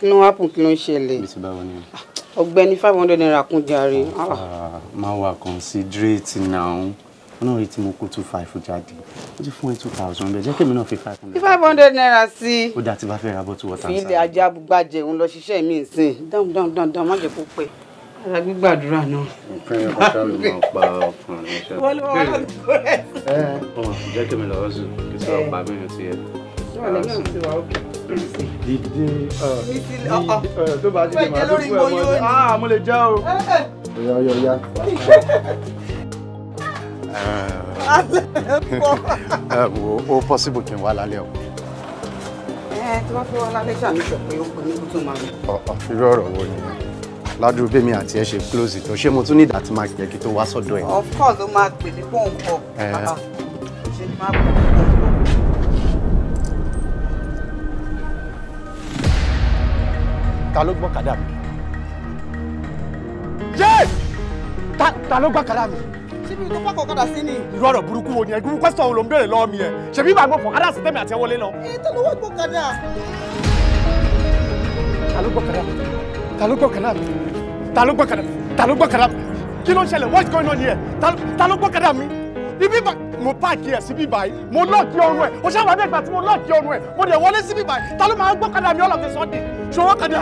kí ló ń hápùn kí ló ń ṣẹlẹ̀. bí ti báwo ni. Ah, ọ̀gbẹ́ni five hundred naira kún jàre. Ah. Ah, máa wà considerate now náà rí tí mo kó two five jáde ó ti fún ẹ two thousand bẹ́ẹ̀ jẹ́ kí èmi náà fi five hundred. five hundred naira sí i. ó dáa tí bá fẹ́ ra bọ́tù wọ́tà ń sáré. fílẹ̀ ajá gbàjẹ́ òun lọ ṣiṣẹ́ mi nsìn dáhùn dáhùn dáhùn dáhùn má jẹ́ kó pẹ́ ara gbígbàdúrà náà. ìpínlẹ̀ kọ́sá ló máa pa ọkùnrin iṣẹ́. wọ́n ló wọ́n lọ sí jẹ́ kí mi lọ́ọ́ sùn kí sọ̀rọ̀ pa mí ò sí ẹ̀ dídí tó bá dídí màá tó fún ẹ mọ́ ah mo lè já o. ọ̀yá ọ̀yá ọ̀yá. o possible kí n wá lálẹ́ o. ẹ tí wọ́n fi wá lálẹ́ ṣàmìṣọ̀ pé ó pè ní kó tó máa lọ. irú ọ̀rọ̀ wo ni ládùúgbò bèmi àti ẹ ṣe close tó ṣé mo tún ní ìdàtí máa jẹ́ kí tó wá sọ̀dọ̀ ẹ̀. of course ó máa pè ní fóun pọ̀ ṣe ni máa pè ní fóun. ta ló gbọ́kadà mi yé ta ta ló gbọ́kadà mi. síbi tó pàkó kadà sí ni. irú ọ̀rọ̀ wo ni ẹ gbogbo question wo ló ń béèrè lọ́wọ́ mi ẹ ṣebí bá gbọ́ fọ̀kadà sí tẹ̀mí àti ẹwọlé lọ. ẹ ta ló wá gbọ́kadà. ta ló gbọ́kadà mi ta ló gbọ́kadà mi ta ló gbọ́kadà mi ta ló gbọ́kadà mi kí ló what's going on here ta ló gbọ́kadà mi ibi bá mo páàkì ẹ̀ síbí báyìí mo lọ́ọ̀kì ọrùn ẹ̀ o ṣáà wà bẹ́ẹ̀ gbà tí mo lọ́ọ̀kì ọrùn ẹ̀ mo dẹ̀ wọlé síbí báyìí ta ló máa gbọ́ kadà mi all of a sudden ṣòro kadà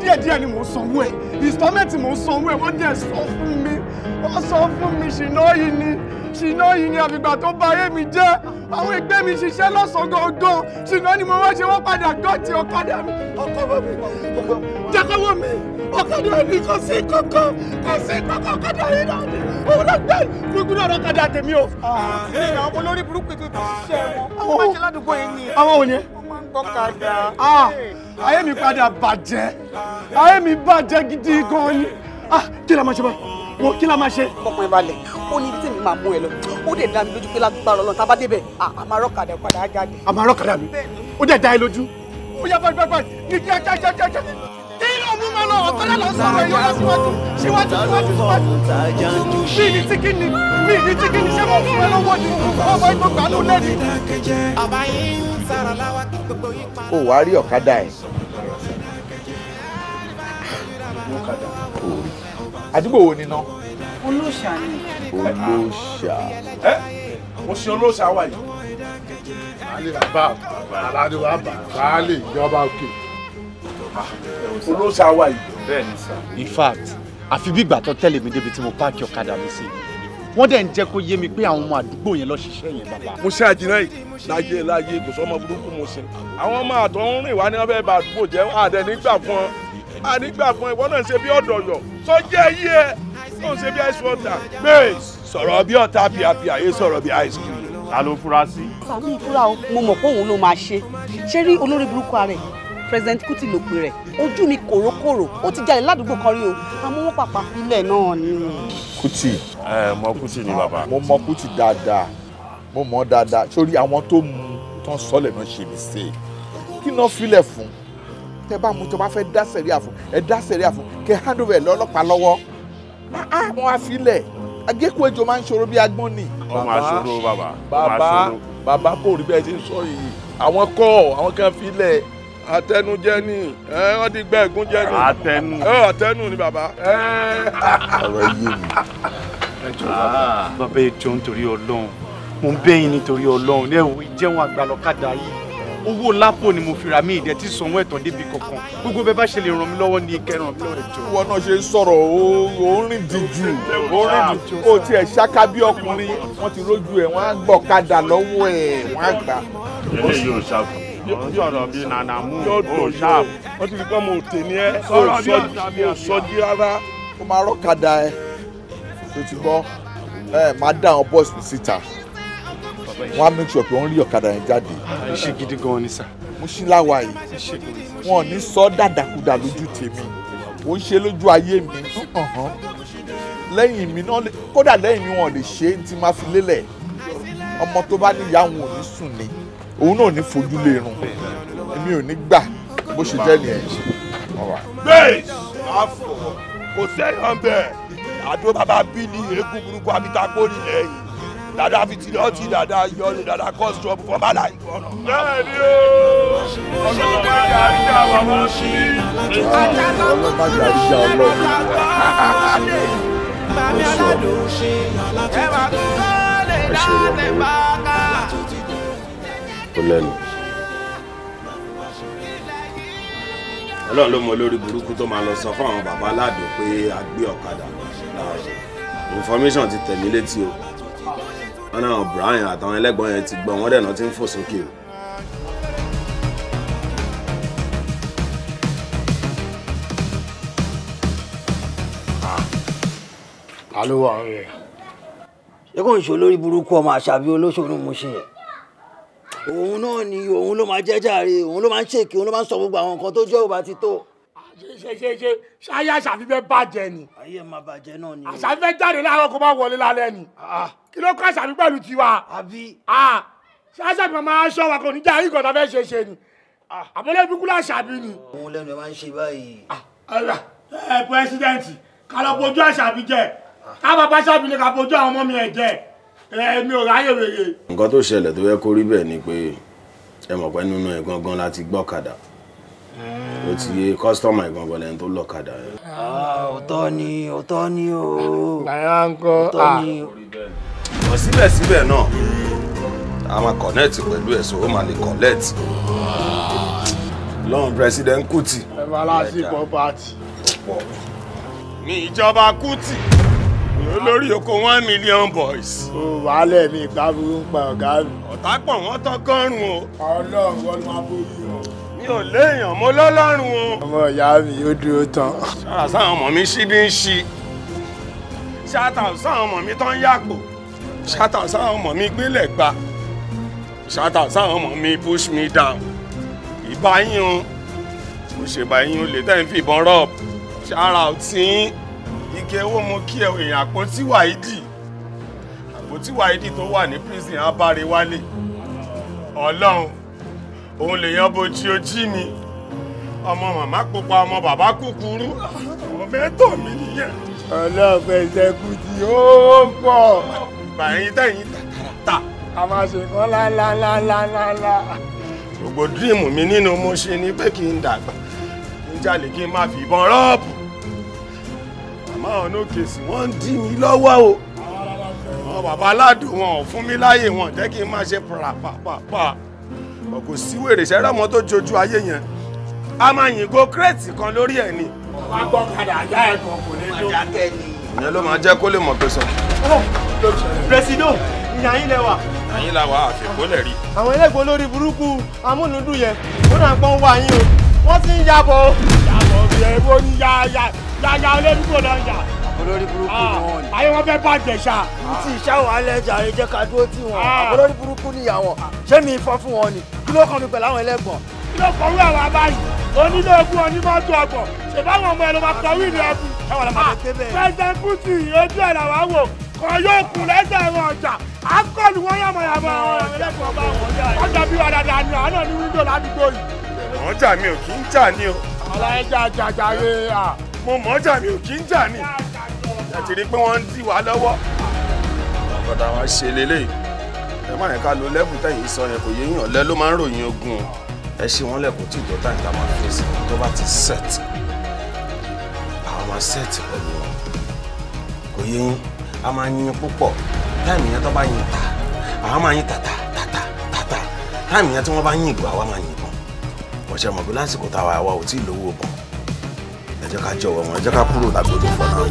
díẹ̀díẹ̀ ni mò ń sanwó ẹ̀ installment mò ń sanwó ẹ̀ wọ́n díẹ̀ sọ fún mi wọ́n sọ fún mi ṣìnà yìí ni ṣìnà yìí ni àfìgbà tó bà ayé mi jẹ́ àwọn ẹgbẹ́ mi ṣiṣẹ́ lọ́sàn-án gangan ṣìnà ni mo wá ṣe wọ́n padà gọ́ọ̀tì ọ̀kadà mi ọkọ̀ bọ̀ mi ọkọ̀ lọ́kọ̀wọ́ mi ọ̀kadà mi kò sí kankan kò sí kankan ọ̀kadà yìí náà ni òun ló gbé gbogbo náà lọ́kadà tèmi o. àwọn ah, olórí burúkú tó ti ṣiṣẹ́ wọn àwọn máa ṣe ládùúgbò yìí ni. àwọn ò ní. wọ́n máa ń gbọ́ kadà. Ah, ayé mi padà bàjẹ́ ayé mi bàjẹ́ gidi gan-an ni ah, kí la máa ṣe báyìí wo kí la máa ṣe. ọkùnrin balẹ̀ ó ní tèmi máa mú ẹ lọ ó dẹ̀ dá mi lójú pé lágbára Ọlọ́run mú máa lọ ọ̀tọ́lá lọ sọ̀rọ̀ ìyá lọ́síwájú síwájú síwájú síwájú mí ní tí kíni mí ní tí kíni ṣé mo fún ẹ lọ́wọ́ ni ọmọ ẹgbẹ́ gbà lẹ́ni. ó wàá rí ọ̀kadà ẹ̀ àdúgbò wo ni ná. olóòṣà ni. olóòṣà. ẹ mo ṣe olóòṣà wà yìí. baálé bàbá baálé bàbá baálé ìjọba òkè olóòṣà wà yìí. in fact àfi bí ìgbà tó tẹ̀lé mi débi tí mo páàkì ọ̀kadà mi sí wọ́n dẹ̀ ń jẹ́ kó yé mi pé àwọn ọmọ àdúgbò yẹn lọ ṣiṣẹ́ yẹn bàbá. mo ṣe àjìnà yìí láyé láyé kò sọ́mọ burúkú mo ṣe àwọn ọmọ àtọ̀ ń rìn wá ní wọ́n fẹ́ ba àdúgbò jẹ́ àdẹ nígbà fún ọ àdígbà fún ìwọ náà ṣe bí ọ̀dọ̀ yọ̀ tó jẹ́ yí ẹ tó ń ṣe bí ice water bẹ́ẹ̀ sọ̀rọ̀ bí ọ̀tá pìàpìà yé sọ̀rọ̀ bí ice cream. ta ló fura sí. sàmì ìfura o mo mọ̀ pé òun ló máa ṣe ṣé rí olórí burúkú ara president Kuti ló pe rẹ̀ ojú mi kòrókòrò ó ti jáde ládùúgbò kan rí o àmọ́ wọ́n pàpà filẹ̀ náà ni. Kuti ẹ mọ Kuti ni ah, Baba, mo mọ Kuti dáadáa mo mọ dáadáa sórí àwọn tó mu tán sọlẹ̀ náà ṣe mí sí i kí náà filẹ̀ fún tẹ bá mu tó bá fẹ́ dá sẹ̀ríà fún ẹ dá sẹ̀ríà fún kẹ handover lọ́lọ́pàá lọ́wọ́ àwọn afilẹ̀ agékùn ejò máa ń ṣòro bí agbọ́n ni. ọmọ àṣòro bàbá. bàbá bàbá kò rí bẹ́ẹ̀ ṣe ń sọ yìí àwọn kọ́ àwọn kan filẹ̀ àtẹnujẹ ni ẹ wọ́n ti gbẹ́ ẹ̀gún jẹ ni àtẹnu ẹ àtẹnu ni bàbá. ọ̀rọ̀ yé mi. ẹ jọ ah. bàbá ẹ jọ nítorí Ọlọ́run mo ń bẹ̀yìn nítorí Ọlọ́run ẹ wò ìjẹun àgbàlọ́kadà yìí owó lápò ni mo fi ra mí ìdẹ tí sanwó ẹ̀tàn débi kankan gbogbo bẹ́ẹ̀ bá ṣe lè ràn mí lọ́wọ́ ní kẹràn mi lọ́rẹ̀ ìwọ náà ṣe ń sọ̀rọ̀ ó rìn díjú ó rìn díjú ó tiẹ̀ ṣáká bí ọkùnrin wọ́n ti rójú ẹ̀ wọ́n á gbọ̀kadà lọ́wọ́ ẹ̀ wọ́n á gbà. eléyìí ò ṣàkóso ojú ọ̀rọ̀ bíi nana mú o ṣáàbù. wọ́n ti rí pé mo tè ní ẹ́ o sọ́jí rárá. ó máa rọ́kadà ẹ tó ti gbọ́ ẹ máa dá àwọn bọ́ọ̀sì síta wọ́n á make sure pé wọ́n rí ọ̀kadà yẹn jáde. iṣẹ́ gidi gan-an ni sà. mo ṣí láwa yìí wọn ò ní sọ dàdàkudà lójú tèmi ò ń ṣe lójú ayé mi uh-huh. lẹ́yìn mi náà kódà lẹ́yìn mi wọn ò lè ṣe é ti máa fi lélẹ̀ ọmọ tó bá níyàwó ò ní sùn ni òun náà ní fojú lé irun èmi ò ní gbà bó ṣe jẹ́ nìyẹn. bẹ́ẹ̀ àfọ̀ kò sẹ́yàn bẹ́ẹ̀ àdó bàbá bí ní eégún burúkú abitakó nílẹ̀ yìí dada fi ti ọtí dada yọni dada kọ́sítọ̀ ọ̀bù fọba là ń kọ́nà. bẹ́ẹ̀ni o ọ̀nà ọ̀gá yàrá ìjà wà wọ́n sí. ọlọ́mọ yàrá ìjà ọlọ́run. ẹ máa tún kọ́ lè dá lè bá ká ó ọlọ́run ló mọ olórí burúkú tó máa lọ sọ fún àwọn bàbá aládùn pé a gbé ọ̀kadà information ti tẹ̀mí létí o wọn náà Brian àtàwọn ẹlẹ́gbọ́n yẹn ti gbọ́ wọn dẹ̀ náà ti ń fò sókè o. ta ló wà ń rẹ̀. kò ń ṣe olórí burúkú ọmọ àṣàbí olóṣòro mo ṣe yẹn òun náà ni òun ló máa jẹ́ jàre òun ló máa ń ṣèké òun ló máa ń sọ gbogbo àwọn nǹkan tó jẹ́ òun bá ti tó. ṣe ṣe ṣe ṣáyé àṣàfi fẹ́ bàjẹ́ ni. ayé máa bàjẹ́ náà ni. àṣàfi fẹ́ jáde láàárọ̀ kó má wọlé lálẹ́ ni. Ah, ah. kí ló kọ́ àṣàfi pẹ̀lú tiwa. àbí. Ah, ẹ pẹ́sidẹ̀ntì kálọ̀ bojú àṣàfi jẹ́ ká bàbá àṣàfi lè ká bojú àwọn ọmọ mi ẹ̀ jẹ́ èmi ò ráyè wèrè. nǹkan tó ṣẹlẹ̀ tó yẹ kó rí bẹ́ẹ̀ ni pé ẹ mọ̀ pé nínú ẹ̀ gangan láti gbọ́kadà ó ti yé kọ́sítọ́mù ẹ̀ gangan lẹ́ni tó lọ́kadà. òótọ́ ni òótọ́ ni o òótọ́ ni o. ọ̀ síbẹ̀síbẹ̀ náà a máa connect pẹ̀lú ẹ̀ so ó máa lè connect lọ́run president Kuti. ẹ máa lásìkò party. ní ìjọba Kuti olórí oko one million boys. o wàhálẹ̀ mi ìpàbùrù ń pa ọ̀gá mi. ọ̀tá pọ̀ wọ́n tán kọ́rùn o. ọlọ́run wọn máa borí o. mi ò léèyàn mo lọ́lọ́run o. ọmọ ìyá mi ó dúró tán. ṣáà sáwọn ọmọ mi ṣí bí ń ṣí ṣáàtà sáwọn ọmọ mi tán yàpò ṣáàtà sáwọn ọmọ mi gbélẹ̀ gba ṣáàtà sáwọn ọmọ mi push me down ìbáyín o mo ṣèbáyín o lè tẹ́ ń fìbọn rọ̀ ṣáàrà ò tí ike owó mo kí ẹ èèyàn àpótí wáìdì àpótí wáìdì tó wà ní prison abáre wálé ọlọ́run òun lèèyàn bojí ojí mi ọmọ màmá pupa ọmọ bàbá kúkúrú ọmọ mẹ́tọ̀ mi nìyẹn. ọlọ́ọ̀fẹ́ ìṣẹ́kù tí ó ń bọ̀. ìgbà yín tẹ̀yìn tààràtà. a máa ṣe nǹkan lálálálálá. gbogbo díìmù mi nínú mo ṣe ni pé kí n dàgbà kí n jalè kí n má fi ìbọn rọ́ọ̀bù màmá ọ̀nà òkèsì wọ́n ń dí mi lọ́wọ́ o àwọn bàbá aládùn wọn ò fún mi láàyè wọn jẹ́ kí n máa ṣe pàràpàpà kò sí wèrè ṣẹ́rẹ́ ọmọ tó jojú ayé yẹn a máa yìnbó kírẹ́ẹ̀tì kan lórí ẹ̀ ni. wọ́n á gbọ́ kadà ajá ẹ̀ kan kò ní lọ. ìyẹn ló máa jẹ́ kó lè mọ̀ pé sọ. pẹ̀sìdò ìyá yín lẹ́wà ẹ̀yin la wà àfikún lẹ̀ rí. àwọn ẹlẹ́gbọ̀n lórí burúkú amúnudùn yẹn ó náà gbọ́n wá yín o wọ́n ti ń yabọ̀ o àmọ̀bí ẹ̀wọ́ ní yáyá yáyá olórí kò náà yà. olórí burúkú ni wọn ni. ayé wọn fẹ́ bàjẹ́ ṣá. n ti ṣáwọ̀ alẹ́ jàre jẹ́ ká dúró tì wọ́n ah. olórí burúkú nìyà ṣé mi fọ́ fún wọn ni kí ló kàn mí pẹ̀lú àwọn ẹlẹ́gbọ̀n. kí ló kọ̀ wíwà wá báyìí onílé ogun onímọ́tò ọgbọ̀n ṣèbáwọn ọmọ ẹ̀ ló máa kọ wíìlì ẹ̀bù. president Putin ojú ẹ̀ làwọn wò kan yóò kun lẹ́sẹ̀ wọn ọjà akọlù wọn yàmọ̀yàmọ̀ àwọn ẹ̀lẹ́kọ̀ọ́ bá wọn ọjà bí wà dáadáa ni àánà ní wíńdò ládùúgbò yìí. ọjà mi ò kì í jà ní o aláyé jà jà jà à. mo mọ̀ jà mi ò kí ń jà ni àti rí pé wọ́n ń dì wá lọ́wọ́. ọ̀dà wa ṣe lélẹ̀ ẹ má yẹn ká lo lẹ́bùn tẹ̀yìn sọ yẹn kò yé yàn lẹ́ ló máa ń ròyìn ogun ẹ ṣe wọn lẹ́kọ̀ọ́ tí ìjọ táyìntà máa fi sí tó bá ti set àwọn máa set pẹ̀lú wọn kò yé yín a máa yin púpọ̀ táìmù yẹn tó bá yin ta àwọn máa yin tàtà tàtà tàtà táìmù yẹn tí wọ́n bá yin ìgbà wa máa yin bọ̀ṣẹ́ mọ̀ pé lásìkò táwa àwa ò tí ì lówó bọ̀ ẹ jẹ́ ká jọ̀wọ́ wọn ẹ jẹ́ ká kúrò lágbódò fọ́ náà.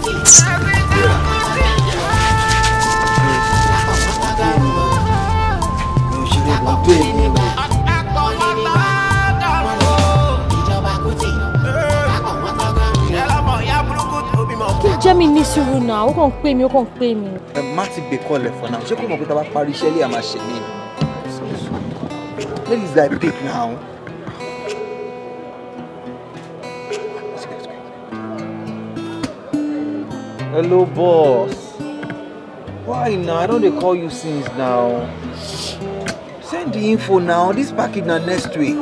jẹ́mi ní sùúrù náà ó kàn ń pè mí ó kàn ń pè mí. ẹ má ti gbé kọlẹ̀ fọ́ ṣé kò mọ̀ pé tá bá parí iṣẹ́ lé àmà ṣe ní. where is now. Hello, boss. Why now? I don't call you since now. Send the info now. This package now next week.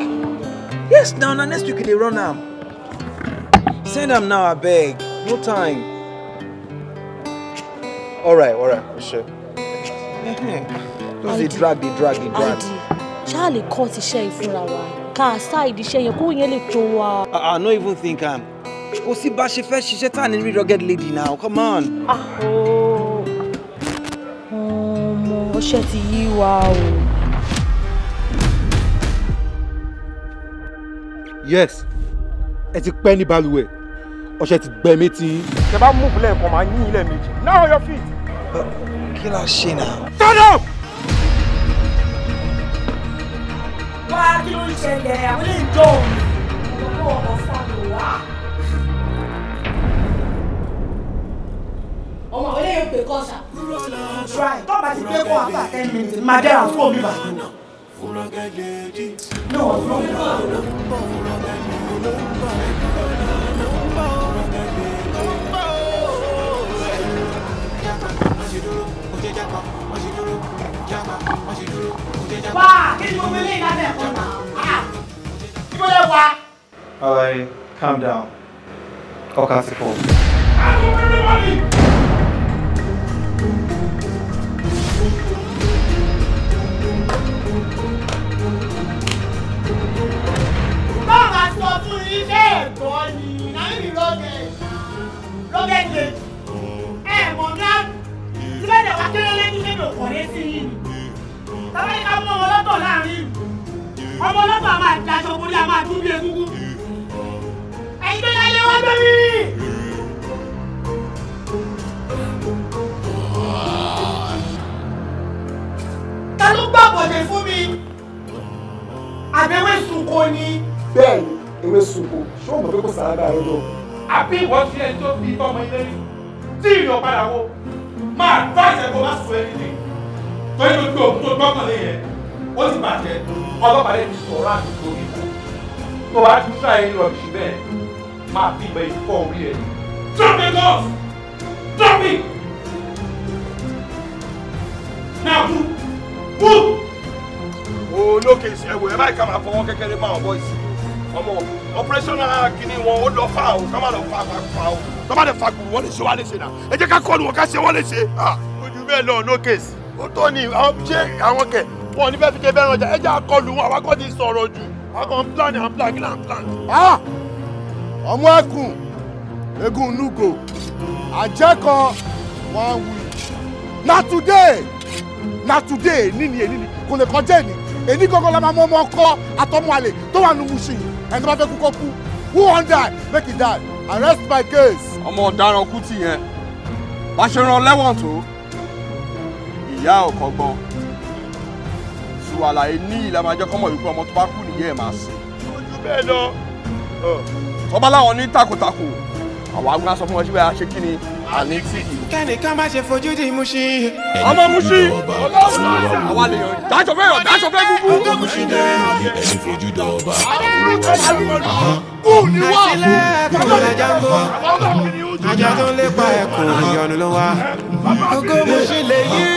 Yes, now, now next week they run am. Send them now, I beg. No time. Alright, alright, sure. Those they drag, they drag, they drag. Charlie caught the share in front of her. Car side, the share, you're going to I don't even think I'm kò sí bá ṣe fẹ́ ṣiṣẹ́ tá à ní rugged lady now come on. ọmọ ọṣẹ ti yí wa o. yes ẹ ti pẹ́ ní balùwẹ̀ ọṣẹ ti gbẹ mí tí. ṣe bá mú ìpínlẹ̀ kan máa yín ilẹ̀ méjì now your feet. kí la ṣe náà. stand up. wá kí ló ń ṣẹlẹ̀ àwọn ilé ìjọ òun kò kó ọkọ̀ sáà lò ọmọ àwọn eléyìí pè kọ́ ṣá. try tọ́ba ti pé kọ́ after ten minutes máa dẹ́ra fún omi bàtú. no no no. wá kí ni gbogbo eléyìí lábẹ́ ẹ̀kọ́ náà kí ló lè wá. All right, calm down. Ọkà ti fọ. Àlùfáà ni wọ́n ní. sọ fún yín bẹ́ẹ̀ gbọ́ ni nàmíbi lóge lóge gbé ẹ̀ mọ̀ ńlá síbẹ̀dẹ̀ wá kéré lẹ́yìn lẹ́yìn òkòrè sí yìí tàbí ká mú ọmọ lọ́tọ̀ láàrin ọmọ lọ́tọ̀ a máa daṣọ borí a máa dúró egungun ẹ̀yin tó yá yẹ wá lórí. ta ló gbàgbọ́dẹ̀ fún mi àbẹ̀wé sunko ni. bẹ́ẹ̀ ewé sùpò ṣé òun mọ̀ pé kò sàn ága rẹ àbí ìwọ sí ẹni tó fi tọmọ ilé rí tí ìrìn ọ̀padà wo máa bá ìṣẹ̀kọ́ má sọ ẹni ní torí ló gbé òun gbọ́kànlé yẹn ó sì bàjẹ́ ọlọ́pàá lè fi sọ̀rọ̀ àti torí kú tó bá ti sá ẹni lọ sí bẹ́ẹ̀ máa fi ìgbẹ́ ìfọ́ orí ẹ̀ drop the guns drop it now move move. olókè ìṣẹ́wó ẹ báyìí ká máa fọwọ́ kékeré máa wọ̀ bọ́ ìsìn ọmọ operational kini wọn ó lọ fa o kọ́má lọ fa fa fa o tọ́ba lè fa gbùrù wọ́n lè ṣe wọ́n lè ṣe náà ẹ jẹ́ ká kọ́nu wọn ká ṣe wọ́n lè ṣe. ojú bẹ́ẹ̀ lọ no case. ó tó ni ṣé àwọn kẹ wọn ò ní fẹ́ẹ́ fi ké bẹ́ẹ̀ rọjà ẹ jẹ́ àkọlù wọn àwákọ́ ti sọ̀rọ̀ jù àkọ́ ń plan and plan kí là ń plan. ọmọ ẹkùn egun nugo àjẹkọ wọn wù na today na today nínú èyí ni kò lè kọjá èyí èyí gangan la máa mọ ọmọ ọkọ àtọmọ àlè tó wà nínú mùsùlùmí ẹni tó bá fẹ́ kú kó kú who wan die make he die arrest my case. ọmọ ọ̀daràn kú tì yẹn bá ṣe rán lẹ́wọ̀n tó ìyá ò kọ́gbọ́n ṣùwàlàyé ní ìlànàjọ kọ́mọ yìí pé ọmọ tó bá kú nìyẹn ẹ̀ máa sìn. ojú bẹ́ẹ̀ lọ. tọ́ba láwọn ní takuntakun àwọn agbóhùn sọ fún wọn síbẹ̀ àṣekínni àní tì. kẹ́nìkan má ṣe fojú di Mushin. ọmọ Mushin àwa lè yàn dájọ fẹ́ yàn dájọ fẹ́ gbogbo. ọmọ Mushin dé ẹni fojú dọ̀ ọba. kú ni wà. àtìlẹ́ kúrò lẹ́jà ń ajá tó ń lépa ẹ̀kọ́ ìyọnu ló wá. ògo Mushin lè yí.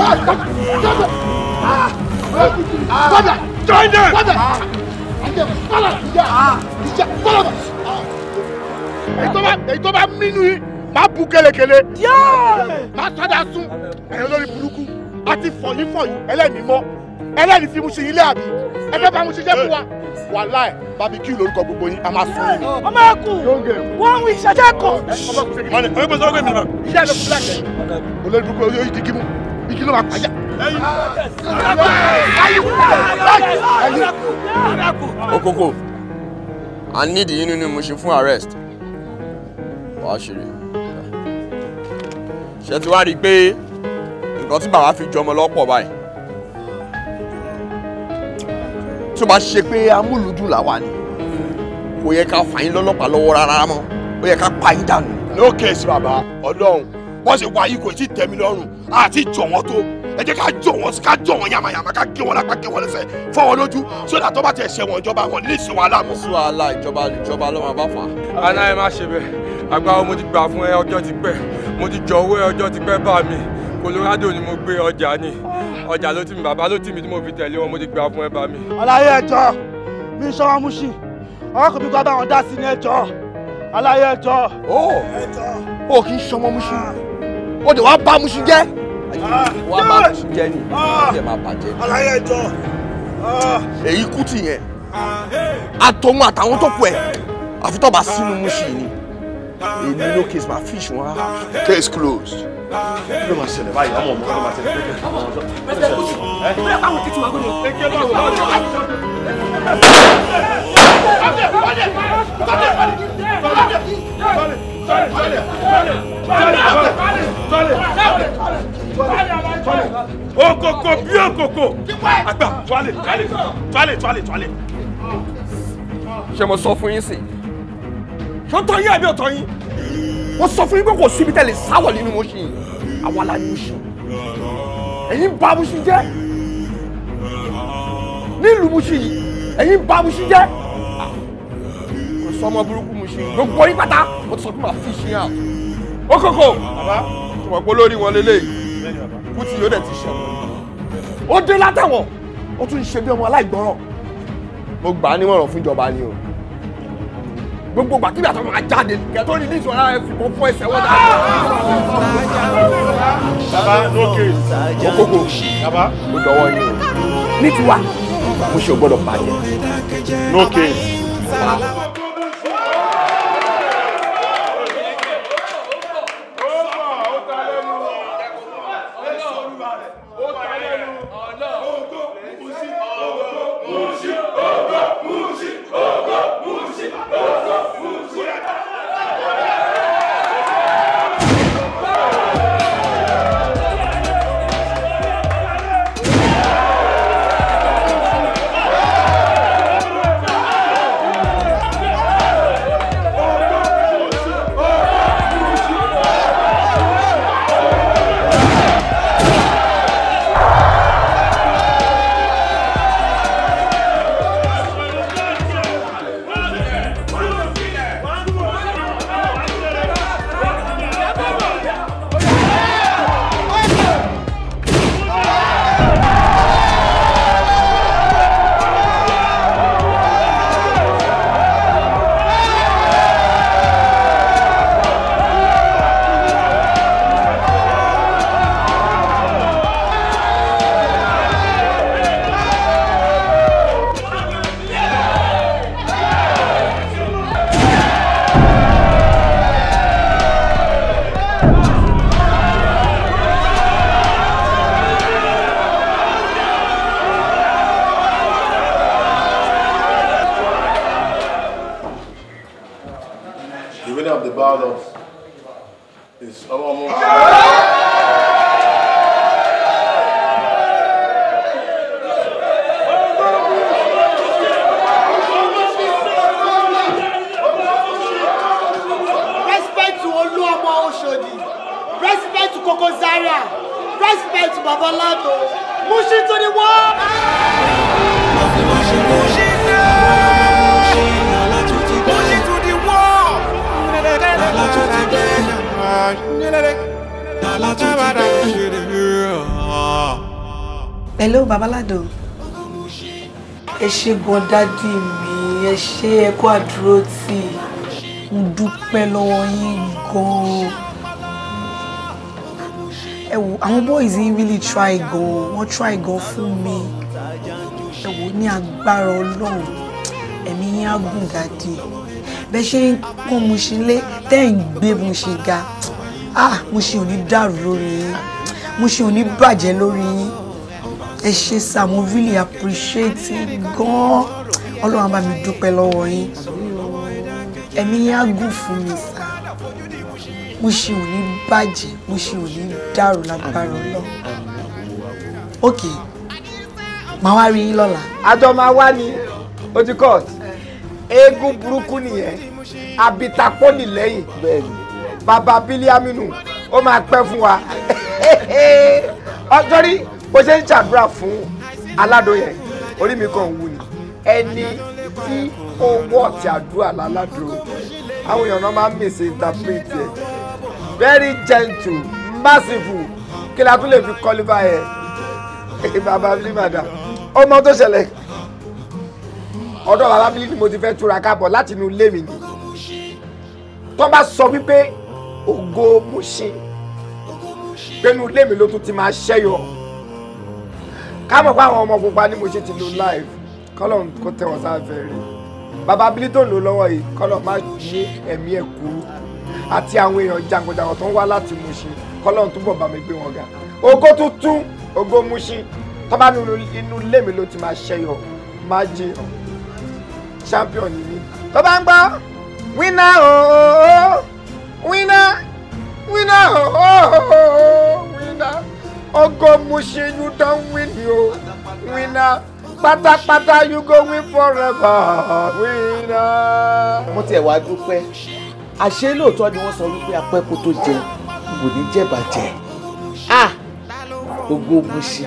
Join them! Èyí tó bá mínú yìí, máa bu kélekèle. Máa sọ́dá sún, ẹ̀yọ́ lórí burúkú, àti fọ̀yífọ̀yí, ẹlẹ́mìí mọ́, ẹlẹ́mìí fi mú ṣe ilé àbí, ẹgbẹ́ bá mú ṣiṣẹ́ fún wa. Wàhálà ẹ̀, barbecue lórúkọ gbogbo yín, a máa sún yín. Ọmọ ẹkùn, wọ́n wí ìṣẹ́jẹ́ kan. Ọmọ ẹkùn ṣe kí ni? Ọmọ ẹkùn ṣe kí ni? Iṣẹ́ ẹ̀ lọ fún bíláàkì. Olórí burúkú, olórí ìdí kí mú bí máa pàjá. okoko i need yín nínú mo ṣe fún arrest wàá ṣeré ṣe ti wá rí i pé nǹkan tí bàbá fi jọmọ lọ́pọ̀ báyìí tó bá ṣe pé amúlùdùn làwa ni kò yẹ ká fà yín lọ́lọ́pàá lọ́wọ́ rárá mọ́ ó yẹ ká pa yín dànù. lókè sí bàbá ọlọ́run bọ́sẹ̀ wáyé kò tí ì tẹ́ mi lọ́rùn àti jọ̀ wọ́n tó ẹ jẹ́ ká jọ̀ wọ́n ká jọ̀ wọ́n yamayama ká gé wọn lápá gé wọn lẹ́sẹ̀ fọ́ wọn lójú sódà tó bá tẹ̀ ṣẹ̀ wọn ìjọba wọn lè ṣe wàhálà mọ́. sọ àlà ìjọba ìjọba ló máa bá fà. aná ẹ má ṣe bẹ́ẹ̀ agbáwo mo ti gbà fún ẹ ọjọ́ ti pẹ́ mo ti jọ owó ẹ ọjọ́ ti pẹ́ bá mi Colorado ni mo gbé ọjà ni ọjà ló tì mí bàbá ló tì mí tí mo fi tẹ̀lé wọn mo ti gbà fún ẹ bá mi. aláyé ẹjọ́ mi ń ṣọwọ́ múṣì ọkùnrin kan bá wọn dá sí ní ẹjọ́ aláyé ẹjọ́. ó ó kì í ṣọmọ múṣì. Ah o de wa ba musu jẹ. wa ba musu jẹ ni jẹ ah. ma bàjẹ́. alaye jọ. Ah. èyí kú ti yẹn ah. àtọ̀hún àtàwọn tó kù ẹ̀ àfitọ́ba sínú musu yìí ni èmi ló case ma fish wọn á. case closed. ló ma ṣẹlẹ̀ báyìí ọmọ ọmọ ló ma ṣẹlẹ̀. pẹ̀lẹ́ kùtù pẹ̀lẹ́ káwọn kìtì wà gbọ́dọ̀. ẹ̀jẹ̀ bá wà wọ́n. ọ̀dẹ̀ ọ̀dẹ̀ ọ̀dẹ̀ ọ̀dẹ̀ ọ̀dẹ̀ okoko bí okoko àgbà tuwalè tuwalè tuwalè tuwalè tuwalè. ṣé mo sọ fún yín sí i ṣé ó tọ́ yín àbí ó tọ́ yín mo sọ fún yín pé kò síbi tẹ́lẹ̀ sáwọ̀ nínú mo ṣì yín àwa la ní ṣe ẹ̀yin bà mo ṣì jẹ́ nílùú mo ṣì yìí ẹ̀yin bà mo ṣì jẹ́ sọmọ burúkú mu ṣe gbogbo yín pátá mo ti sọ pé màá fi ṣe hàn ó kókó tùmọ̀ pé lórí wọn lélẹ̀ Kútì yóò dẹ̀ ti ṣẹ̀wọ̀n ó dé látàwọn ó tún ṣe bí ọmọ aláìgbọràn mo gbà á nímọ̀ràn fún ìjọba ni o gbogbo gbàkíbi àtọ́ máa jáde kẹ́ tó ní ní ìṣòro ẹ fi fún ẹsẹ̀ wọn dáadáa. bàbá lókè okoko bàbá mo dọwọ́ yín o ní tiwa mo ṣe ò gbọ́dọ̀ bàjẹ́. lókè. dádì mi ẹ ṣé ẹ kú àdúró tì mo dúpẹ́ lọ́wọ́ yín gan-an ẹ wò àwọn boys yìí really try gan-an wọ́n try gan-an fún mi ẹ wò ní agbára ọlọ́run ẹ̀mí yín á gùn dádì bẹ́ẹ̀ ṣe ń kó mu ṣe lé tẹ́ ń gbé mu ṣe ga ah mo ṣe ò ní dàrú lórí yín mo ṣe ò ní bàjẹ́ lórí yín ẹ ṣe sá mo really appreciate gan-an ọlọ́run bá mi dúpẹ́ lọ́wọ́ yín ẹ̀mí yín á gùn fún mi sá mo ṣì ò ní bàjẹ́ mo ṣì ò ní dàrú lágbára ọlọ́ ok màá wá rí yín lọ́la. àjọ máa wá ní odi court eégún burúkú nìyẹn abitapó nìlẹ́yìn bàbá bílí ó máa pẹ́ fún wa *laughs* ọjọ́ bó ṣe ń ṣàdúrà fún aládùn yẹn orí mi kàn wù ní ẹni tí ó wọ̀ tí àdúrà láládùn àwọn èèyàn náà máa ń misinterpret ẹ̀ very gentle merciful kí la tún lè fi kọ́lífà yẹn *laughs* bàbá bíi madam ọmọ tó ṣẹlẹ̀ ọ̀dọ̀ bàbá bíi ni mo ti fẹ́ túra káàbọ̀ láti inú ilé mi ni tó bá sọ wípé ògo Mushin pẹ̀lú ilé mi ló tún ti máa ṣẹ́yọ káàmọ̀ pé àwọn ọmọ pupa ni mo ṣe ti lo live kọ́lọ̀ kó tẹ̀ wọ́n sáfẹ́ rẹ̀ bàbá Bílítò lò lọ́wọ́ yìí kọ́lọ̀ má ṣe ẹ̀mí ẹ̀ kúrú àti àwọn èèyàn jàǹkànjàǹkàn tó ń wá láti Mùṣín kọ́lọ̀ túbọ̀ bá mi gbé wọn ga ògo tuntun ògo Mùṣín tọ́ba inú ilé mi ló ti máa ṣẹyọ máa jẹ champion yìí tó bá ń gbọ́ wínà ooo wínà wínà ooo wínà ogo mushi you don win you winner pátápátá you go win forever winner. mo tiẹ̀ wá dúpẹ́ àṣé lóòótọ́ ni wọ́n sọ wípé apẹ́kù tó jẹ kò ní jẹ̀bàjẹ́ ogo mushi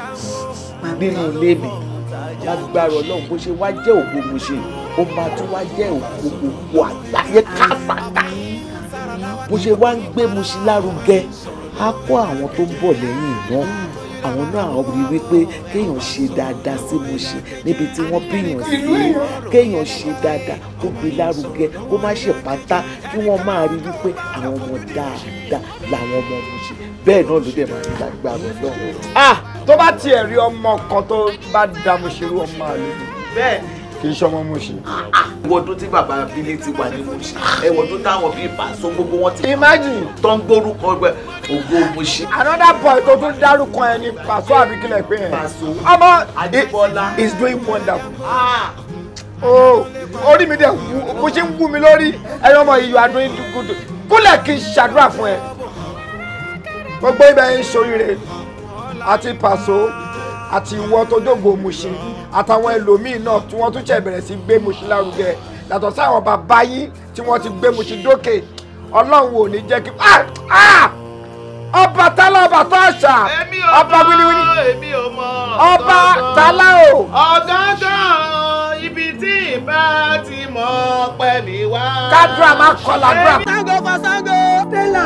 nínú ilé mi lágbára ọlọ́run bó ṣe wá jẹ́ ògo mushi ó máa tún wá jẹ́ ògo gbogbo àgbáyé káfàtà bó ṣe wá ń gbé mushi lárugẹ á kọ́ àwọn tó ń bọ̀ lẹ́yìn náà àwọn náà àwọn rí wípé kéèyàn ṣe dáadáa sí mo ṣe níbi tí wọ́n bíyàn sí kéèyàn ṣe dáadáa kó gbé lárugẹ kó má ṣe pátá kí wọ́n máa rí wípé àwọn ọmọ dáadáa làwọn ọmọ mo ṣe bẹ́ẹ̀ náà ló dẹ̀ máa ń gbàgbà rẹ̀ lọ. tó bá tiẹ̀ rí ọmọ kan tó bá dá mo ṣerú ọmọ àlejò bẹ́ẹ̀ ni kì í ṣọmọ Mushin. ìwọ́dún tí bàbá abílẹ̀ ti wà ní Mushin ẹ̀wọ̀dún táwọn bíi Paso gbogbo wọn ti. imagine. tó ń gbórúkọ ẹgbẹ́ ògo Mushin. another boy tó tún dárúkọ ẹ ní Paso àbíkílẹ̀ pé ẹ. Paso Adébọ́lá is doing wonderful. Ah. Oh, orí mi dẹ̀ mo ṣe ń wú mi lórí ẹ̀yọ́ ọmọ ìyọ̀ adúlé dúdú kúlẹ̀ kí n ṣàdúrà fún ẹ gbogbo ibẹ̀ ń ṣoríire àti Paso àti ìwọ tó jògbó Mushin àtàwọn ẹlòmíín náà tí wọ́n tún ṣẹ̀ bẹ̀rẹ̀ sí gbé Mushin lárugẹ yàtọ̀ sáwọn bàbá yín tí wọ́n ti gbé Mushin dókè ọlọ́run ò ní jẹ́ kí ah! Ah! ọba tálá ọba tó àṣà ọba wíníwíní ọba tálá o. ọ̀gángán ibi tí ìbá ti mọ̀ pẹ̀lú wa. kádùrà máa kọ́ làdúrà. Ṣàngó fa Ṣàngó. tẹ́lá.